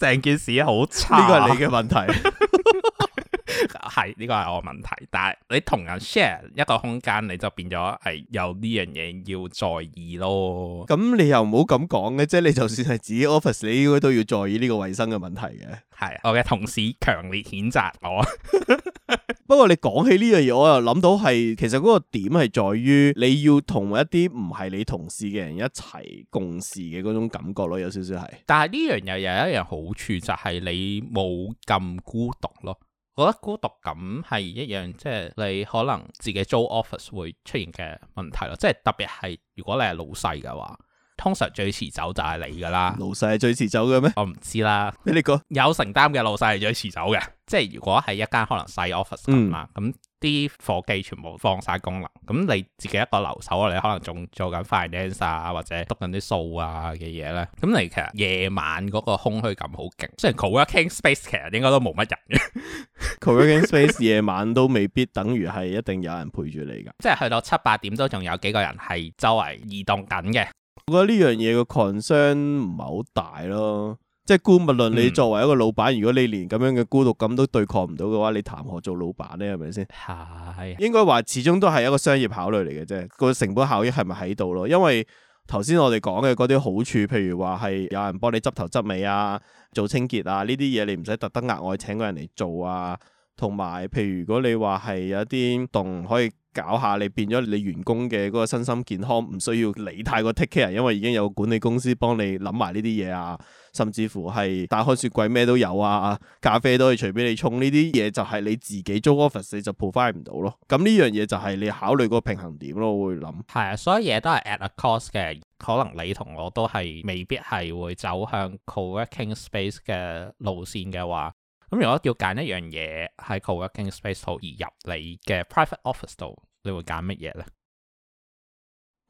成 件事好差，呢個係你嘅問題。 係呢個係我問題，但係你同人 share 一個空間，你就變咗係有呢樣嘢要在意咯。咁你又唔好咁講嘅，即係你就算係自己 office，你應該都要在意呢個衛生嘅問題嘅。係，我嘅同事強烈譴責我。 不過你講起呢樣嘢，我又諗到係其實嗰個點係在於你要同一啲唔係你同事嘅人一齊共事嘅嗰種感覺咯，有少少係。但係呢樣嘢又有一樣好處就係你冇咁孤獨咯。覺得孤獨感係一樣，即係你可能自己租 office 會出現嘅問題咯，即係特別係如果你係老細嘅話。通常最遲走就係你噶啦，老細係最遲走嘅咩？我唔知啦。你呢個？有承擔嘅老細係最遲走嘅， 即係如果係一間可能細 office 嘛，咁啲伙計全部放晒工啦，咁你自己一個留守啊，你可能仲做緊 finance 啊，或者督緊啲數啊嘅嘢咧。咁、啊、你其實夜晚嗰個空虛感好勁，即係 co-working space 其實應該都冇乜人嘅。co-working space 夜晚都未必等於係一定有人陪住你噶， 即係去到七八點都仲有幾個人係周圍移動緊嘅。 我覺得呢樣嘢嘅 concern 唔係好大咯，即係姑勿論你作為一個老闆，嗯、如果你連咁樣嘅孤獨感都對抗唔到嘅話，你談何做老闆呢？係咪先？係 應該話始終都係一個商業考慮嚟嘅啫，個成本效益係咪喺度咯？因為頭先我哋講嘅嗰啲好處，譬如話係有人幫你執頭執尾啊，做清潔啊，呢啲嘢你唔使特登額外請個人嚟做啊，同埋譬如如果你話係有一啲動可以。搞下你變咗你員工嘅嗰個身心健康唔需要你太過 take care，因為已經有管理公司幫你諗埋呢啲嘢啊，甚至乎係打開雪櫃咩都有啊，咖啡都可以隨便你沖呢啲嘢，就係你自己租 office 你就 provide 唔到咯。咁呢樣嘢就係你考慮個平衡點咯，我會諗。係啊，所有嘢都係 at a cost 嘅，可能你同我都係未必係會走向 co-working space 嘅路線嘅話，咁如果要揀一樣嘢喺 co-working space 度而入你嘅 private office 度。你會揀乜嘢咧？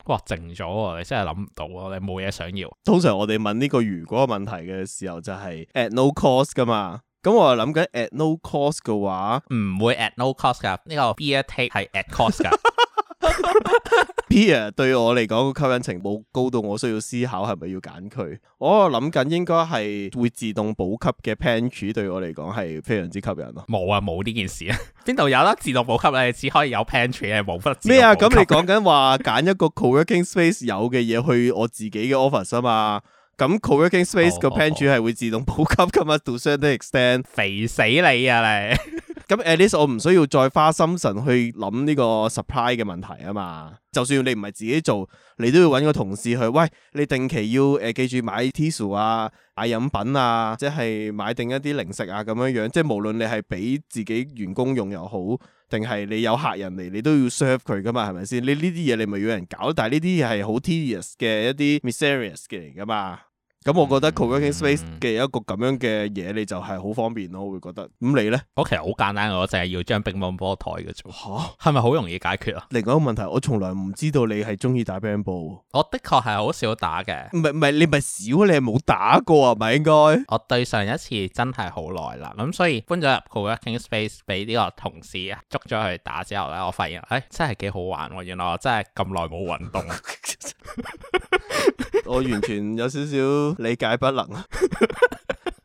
哇，靜咗啊！你真係諗唔到啊！你冇嘢想要？通常我哋問呢個如果問題嘅時候，就係 at no cost 噶嘛。咁我諗緊 at no cost 嘅話，唔會 at no cost 噶。呢、這個 beer tap 係 at cost 噶。 Pia、er、對我嚟講，吸引程度冇高到我需要思考係咪要揀佢。我諗緊應該係會自動補給嘅 pantry 對我嚟講係非常之吸引咯。冇啊，冇呢件事啊，邊 度有得自動補給啊？你只可以有 pantry 係冇乜。咩啊？咁你講緊話揀一個 Co-working Space 有嘅嘢去我自己嘅 Office 啊嘛？咁 Co-working Space 個 pantry 係會自動補給噶嘛，哦哦？To certain extent 肥死你啊你！ 咁 at least 我唔需要再花心神去諗呢個 supply 嘅問題啊嘛，就算你唔係自己做，你都要揾個同事去，喂，你定期要誒、呃、記住買 tissue 啊、買飲品啊，即係買定一啲零食啊咁樣樣，即係無論你係俾自己員工用又好，定係你有客人嚟，你都要 serve 佢噶嘛，係咪先？你呢啲嘢你咪要人搞，但係呢啲嘢係好 tedious 嘅一啲 mysterious 嘅嚟噶嘛。咁、嗯、 我覺得 co-working space 嘅一個咁樣嘅嘢，你就係好方便咯。我會覺得，咁你呢？我其實好簡單，我就係要張乒乓波台嘅啫。嚇蛤，係咪好容易解決啊？另外一個問題，我從來唔知道你係中意打乒乓波。我的確係好少打嘅。唔係唔係，你咪少、啊，你冇打過啊？咪應該？我對上一次真係好耐啦。咁所以搬咗入 co-working space，俾呢個同事捉咗去打之後呢，我發現，哎，真係幾好玩喎！原來我真係咁耐冇運動， 我完全有少少～理解不能啊！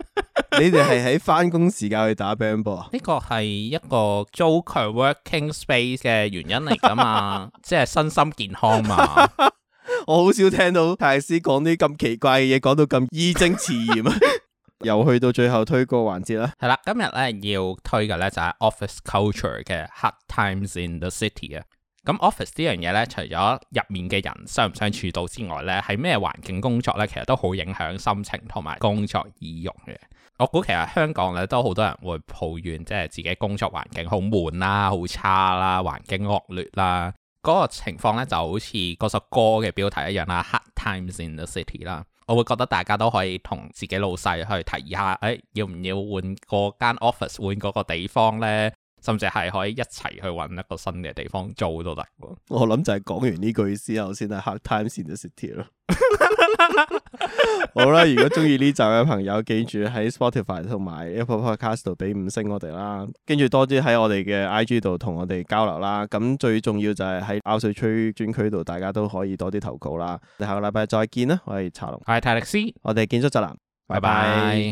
你哋係喺翻工時間去打 band 波啊？呢個係一個 coworking space 嘅原因嚟噶嘛？ 即係身心健康嘛？ 我好少聽到泰迪斯講啲咁奇怪嘅嘢，講到咁義正詞嚴啊！又去到最後推歌環節啦，係啦，今日咧要推嘅咧就係、是、office culture 嘅 hard times in the city 啊！咁 office 呢樣嘢呢，除咗入面嘅人相唔相處到之外呢，係咩環境工作呢？其實都好影響心情同埋工作意欲嘅。我估其實香港咧都好多人會抱怨，即係自己工作環境好悶啦、好差啦、環境惡劣啦。嗰個情況呢，就好似嗰首歌嘅標題一樣啦，《Hard Times in the City》啦。我會覺得大家都可以同自己老細去提議下，誒、哎，要唔要換嗰間 office，換嗰個地方呢。甚至係可以一齊去揾一個新嘅地方租都得。我諗就係講完呢句之後，先係 Hard Times in the City 咯。 好啦，如果中意呢集嘅朋友，記住喺 Spotify 同埋 Apple Podcast 度俾五星我哋啦。跟住多啲喺我哋嘅 IG 度同我哋交流啦。咁最重要就係喺拗水區專區度，大家都可以多啲投稿啦。 下個禮拜再見啦，我係茶龍，我係泰力斯，我哋建築宅男，拜拜。拜拜。